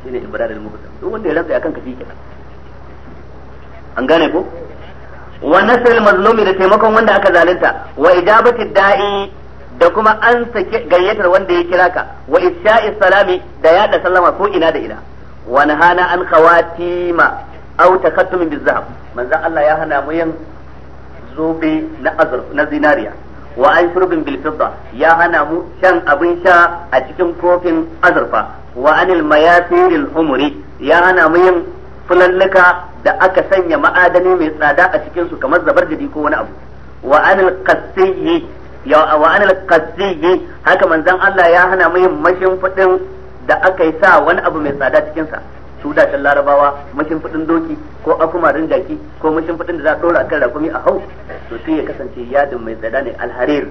A: shine ibrar al-muqaddam duk wanda ya rantsa akan ka shike an gane ko wa nasr al-mazlumi da taimakon wanda aka zalunta wa ijabati da'i da kuma an sake gayyatar wanda ya kira ka wa isha'i salami da yada sallama ko ina da ina wa nahana an khawatima aw takattum bizahab manzo Allah ya hana mu yin zobe na azr na zinariya wa an shurbin bil ya hana mu shan abin sha a cikin kofin azurfa wa anil mayasiril humuri ya hana mu yin fulalluka da aka sanya ma'adani mai tsada a cikin su kamar zabarjadi ko wani abu wa anil qasiyyi ya wa anil qasiyyi haka manzon Allah ya hana mu yin mashin fudin da aka yi sa wani abu mai tsada cikin sa su da can larabawa mashimfidin doki ko akumarin jaki ko mashimfidin da za a dora kan rakumi a hau to sai ya kasance yadin mai tsada ne alharir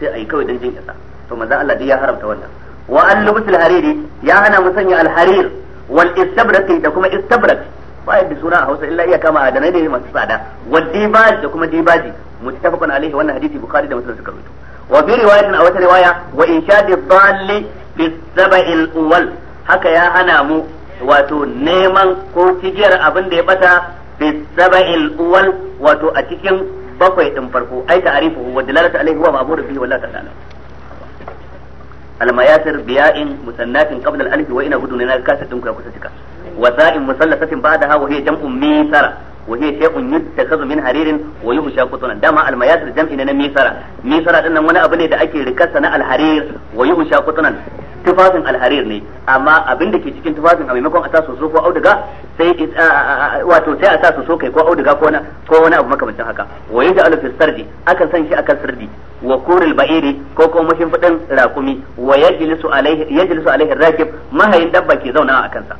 A: sai a yi kawai don jin isa to manzon Allah dai ya haramta wannan wa an lubusul hariri ya hana mu sanya alharir wal istabraki da kuma istabrak ba yadda suna a Hausa illa iya kama adanai ne masu tsada wa dibaji da kuma dibaji muttafaqun alaihi wannan hadisi bukhari da muslim suka rubuta
B: wa bi riwayatin a wata riwaya
A: wa inshadi dhalli bi sabai uwal haka ya hana mu wato neman ko abinda abin da ya bata bi sab'il uwal wato a cikin bakwai din farko ai ta'rifu wa dalalatu alaihi wa ma'muru bihi wallahi ta'ala almayasir biya'in musannatin qabla al-alf wa ina gudun na kasa din ku kusa cika wasa'in musallasatin ba'daha wa hiya jam'un misara wa hiya shay'un yuttakhadhu min haririn wa yuhsha qutunan dama almayasir jam'i na misara misara din nan wani abu ne da ake rikarsa na alharir wa tufafin alharir ne amma abin da ke cikin tufafin a maimakon a sa soso ko auduga sai wato sai a sa soso kai ko auduga ko wani ko wani abu makamancin haka wa yaj'alu fi sardi akan san shi akan sardi wa kuril ba'iri ko ko mashin fadin rakumi wa yajlisu alaihi yajlisu alaihi rakib mahayin dabba ke zauna a kansa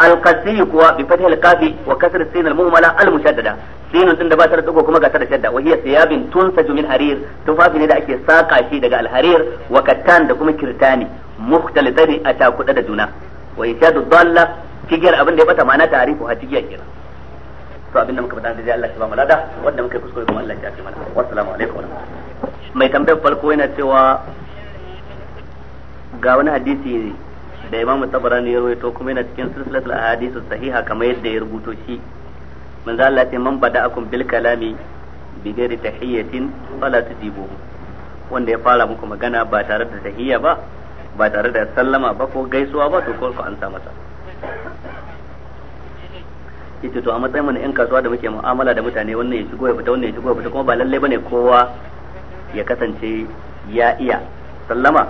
A: al-qasi kuwa bi fathil kafi wa kasr sin al-mu'mala al-mushaddada sinin din da ba ta da tsago kuma ga ta da shadda wahiya thiyabin tunsaju min harir tufafi ne da ake saka shi daga al-harir wa kattan da kuma kirtani mukhtalitani a ta takuda da juna wa yashadu dalla kigiyar abin da ya bata ma'ana tarifu a kigiyar kenan to abin da muka faɗa da Allah ya ba mu lada wanda muka kuskure kuma Allah ya ce mana wassalamu alaikum mai tambayar farko yana cewa ga wani hadisi da imamu tabarani ya rawaito kuma yana cikin silsilatul ahadith sahiha kamar yadda ya rubuto shi manzo Allah ce man akum bil kalami bi ghairi tahiyatin fala tudibu wanda ya fara muku magana ba tare da tahiyya ba ba tare da sallama ba ko gaisuwa ba to ko an sa masa yace to a matsayin mu na yan kasuwa da muke mu'amala da mutane wannan ya shigo ya fita wannan ya shigo ya fita kuma ba lalle bane kowa ya kasance ya iya sallama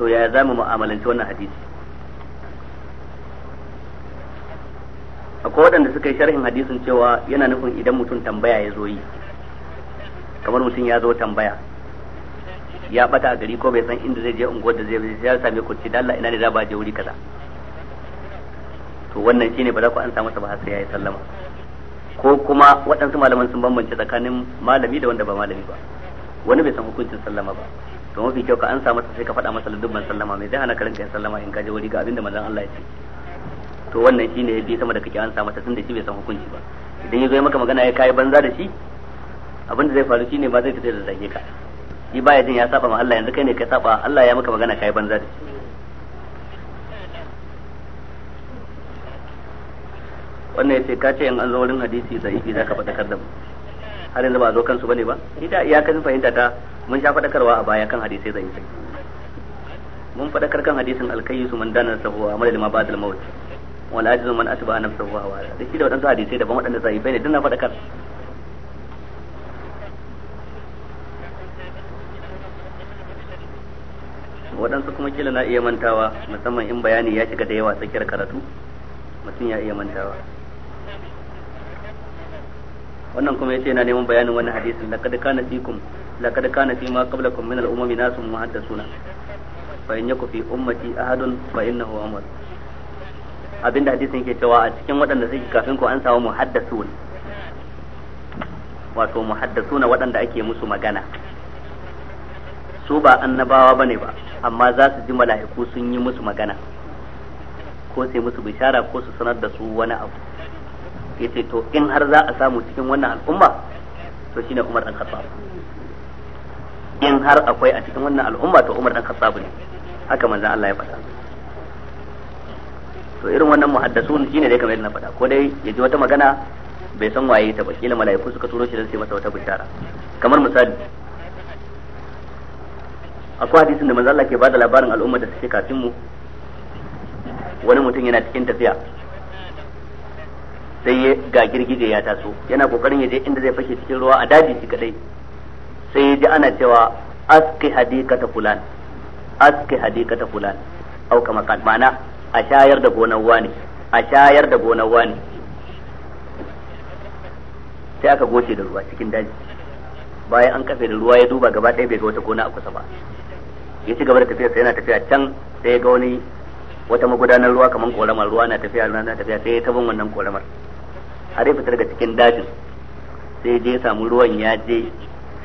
A: to yaya mu mu'amalanci wannan hadisi akwai waɗanda suka yi sharhin hadisin cewa yana nufin idan mutum tambaya ya zo yi kamar mutum ya zo tambaya ya bata a gari ko bai san inda zai je unguwar da zai bi ya same ku ce dalla ina ne za ba je wuri kaza to wannan shine ba za ku an samu masa ba sai yayi sallama ko kuma waɗansu malaman sun bambance tsakanin malami da wanda ba malami ba wani bai san hukuncin sallama ba to mafi kyau ka an samu masa sai ka faɗa masa dubban sallama mai zai hana ka rinka sallama in ka je wuri ga abinda manzon Allah ya ce to wannan shine ya bi sama da kake an sa masa tunda shi bai san hukunci ba idan ya zo maka magana ya kai banza da shi abinda da zai faru shine ba zai fita da zage ka shi baya jin ya saba ma Allah yanzu kai ne ka saba Allah ya maka magana kai banza da shi wannan yace ka ce in an zo wurin hadisi da idan zaka fadakar da mu har yanzu ba zo kansu bane ba ita kan fahimta ta mun sha fadakarwa a baya kan hadisi da yi. mun fadakar kan hadisin alkayyisu man dana sabuwa amal lima ba'd al-maut Wala ajizu man atba nafsahu wa hawa da shi da waɗansu hadisi daban wadanda sai bai ne dinna faɗa kar waɗansu kuma kila na iya mantawa musamman in bayani ya shiga da yawa tsakiyar karatu mutum ya iya mantawa wannan kuma yace yana neman bayanin wannan hadisin laqad kana fikum laqad kana fi ma qablakum min al-umami nasun muhaddathuna fa in yakufi ummati ahadun fa innahu amr abinda hadisin yake cewa a cikin waɗanda suke kafin ku an samu muhaddasun wato muhaddasuna waɗanda ake musu magana su ba annabawa bane ba amma za su ji mala'iku sun yi musu magana ko sai musu bishara ko su sanar da su wani abu yace to in har za a samu cikin wannan al'umma to shine Umar dan Khattab in har akwai a cikin wannan al'umma to Umar dan Khattab ne haka manzon Allah ya faɗa to irin wannan muhaddasun shine dai kamar yadda na faɗa ko dai ya ji wata magana bai san waye ta ba kila mala'iku suka turo shi don sai masa wata bishara kamar misali akwai hadisin da manzo Allah ke bada labarin al'umma da suke kafin mu wani mutum yana cikin tafiya sai ga girgije ya taso yana kokarin ya je inda zai fashe cikin ruwa a daji shi kadai sai ya ji ana cewa aski hadikata fulan aski hadikata fulan au kama ma'ana a shayar da gonan wani a shayar da gonan wani sai aka goce da ruwa cikin daji bayan an kafe da ruwa ya duba gaba ɗaya bai ga wata gona a kusa ba ya ci gaba da tafiyarsa yana tafiya can sai ya ga wani wata magudanar ruwa kamar korama ruwa na tafiya ruwa na tafiya sai ya tabin wannan koramar har ya fita daga cikin dajin sai je samu ruwan ya je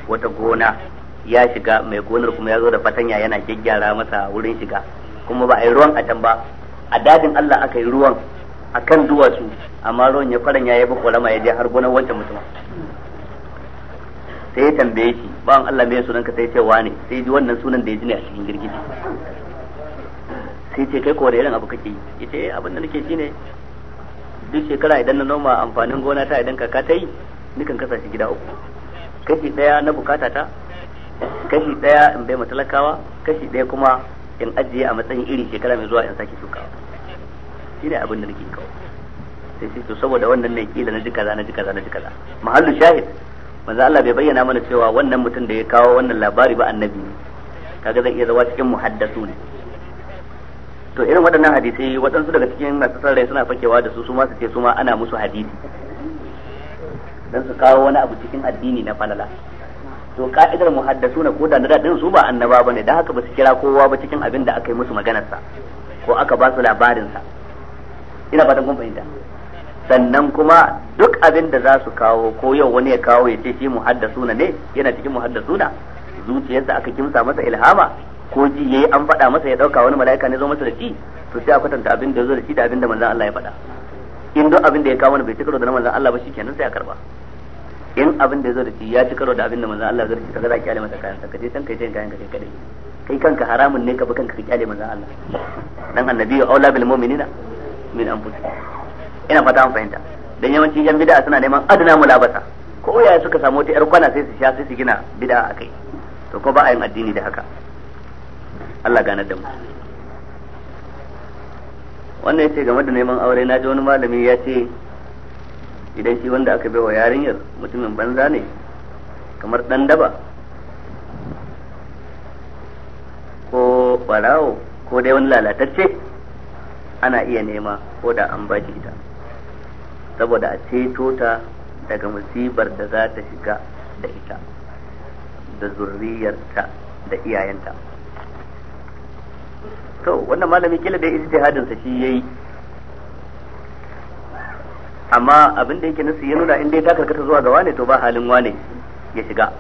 A: wata gona ya shiga mai gonar kuma ya zo da fatanya yana gyaggyara masa wurin shiga kuma ba a yi ruwan a can ba a dadin Allah aka yi ruwan kan duwatsu amma ruwan ya faran ya yabi korama ya je har gonar wancan mutumin sai ya tambaye shi bawan Allah mai sunan ka sai ce wane sai ji wannan sunan da ya ji ne a cikin girgiji sai ce kai kowa da irin abu kake yi yace eh, abin da nake ne duk shekara idan na noma amfanin gona ta idan kaka ta yi nukan kasa shi gida uku kashi daya na bukata ta kashi daya in bai matalakawa kashi daya kuma in ajiye a matsayin iri shekara mai zuwa in sake shuka ne abin da nake kawo sai sai to saboda wannan ne kila na jikaza na jikaza na jikaza mahallu shahid manzo Allah bai bayyana mana cewa wannan mutum da ya kawo wannan labari ba annabi ne kaga zai iya zama cikin muhaddasu ne to irin waɗannan hadisai waɗansu daga cikin masu rai suna fakewa da su su ma su ce su ma ana musu hadisi dan su kawo wani abu cikin addini na falala to ka'idar muhaddasuna ko da na dadin su ba annaba bane dan haka ba su kira kowa ba cikin abin da aka yi musu maganar sa ko aka ba su labarin sa ina fatan kun fahimta sannan kuma duk abin da za su kawo ko yau wani ya kawo ya ce shi muhaddasuna ne yana cikin muhaddasuna zuciyarsa aka kimsa masa ilhama ko ji yayi an faɗa masa ya ɗauka wani mala'ika ne zo masa da shi to sai a kwatanta abin da ya zo da shi da abin da manzon Allah ya faɗa in duk abin da ya kawo wani bai ci da na manzon Allah ba shikenan sai a karba in abin da ya zo da shi ya ci karo da abin da manzon Allah zai ci kaga za ki kyale masa kayan ka je san kai tayin kayan ka kai kadai kai kanka haramun ne ka bi kanka ka kyale manzon Allah dan annabi aula bil mu'minina min anfusih ina fata an fahimta dan yawanci yan bid'a suna neman adna mulabata ko ya suka samu wata yar kwana sai su sha sai su gina bid'a akai to ko ba a yin addini da haka Allah ganar da mu wannan yace game da neman aure na ji wani malami ya ce idan shi wanda aka bai wa yarinyar mutumin banza ne kamar dan daba ko barawo ko dai wani lalatacce ana iya nema ko da an baki ita saboda a ceto ta daga musibar da za ta shiga da ita da zurriyarta da iyayenta to wannan malami kila da ijtihadin sa shi yayi amma abin da yake nasu ya nuna in dai ta karkata zuwa ga wane to ba halin wane ya shiga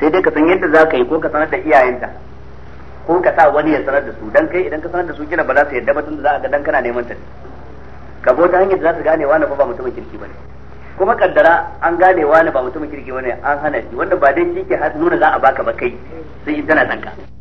A: sai dai ka san yadda za ka yi ko ka sanar da iyayenta ko ka sa wani ya sanar da su dan kai idan ka sanar da su kina ba za su yadda ba da za a ga dan kana neman ta ka bota hanyar da za su gane wane ba mutumin kirki ba ne kuma kaddara an gane wane ba mutumin kirki ba ne an hana shi wanda ba dai shi ke nuna za a baka ba kai sai tana danka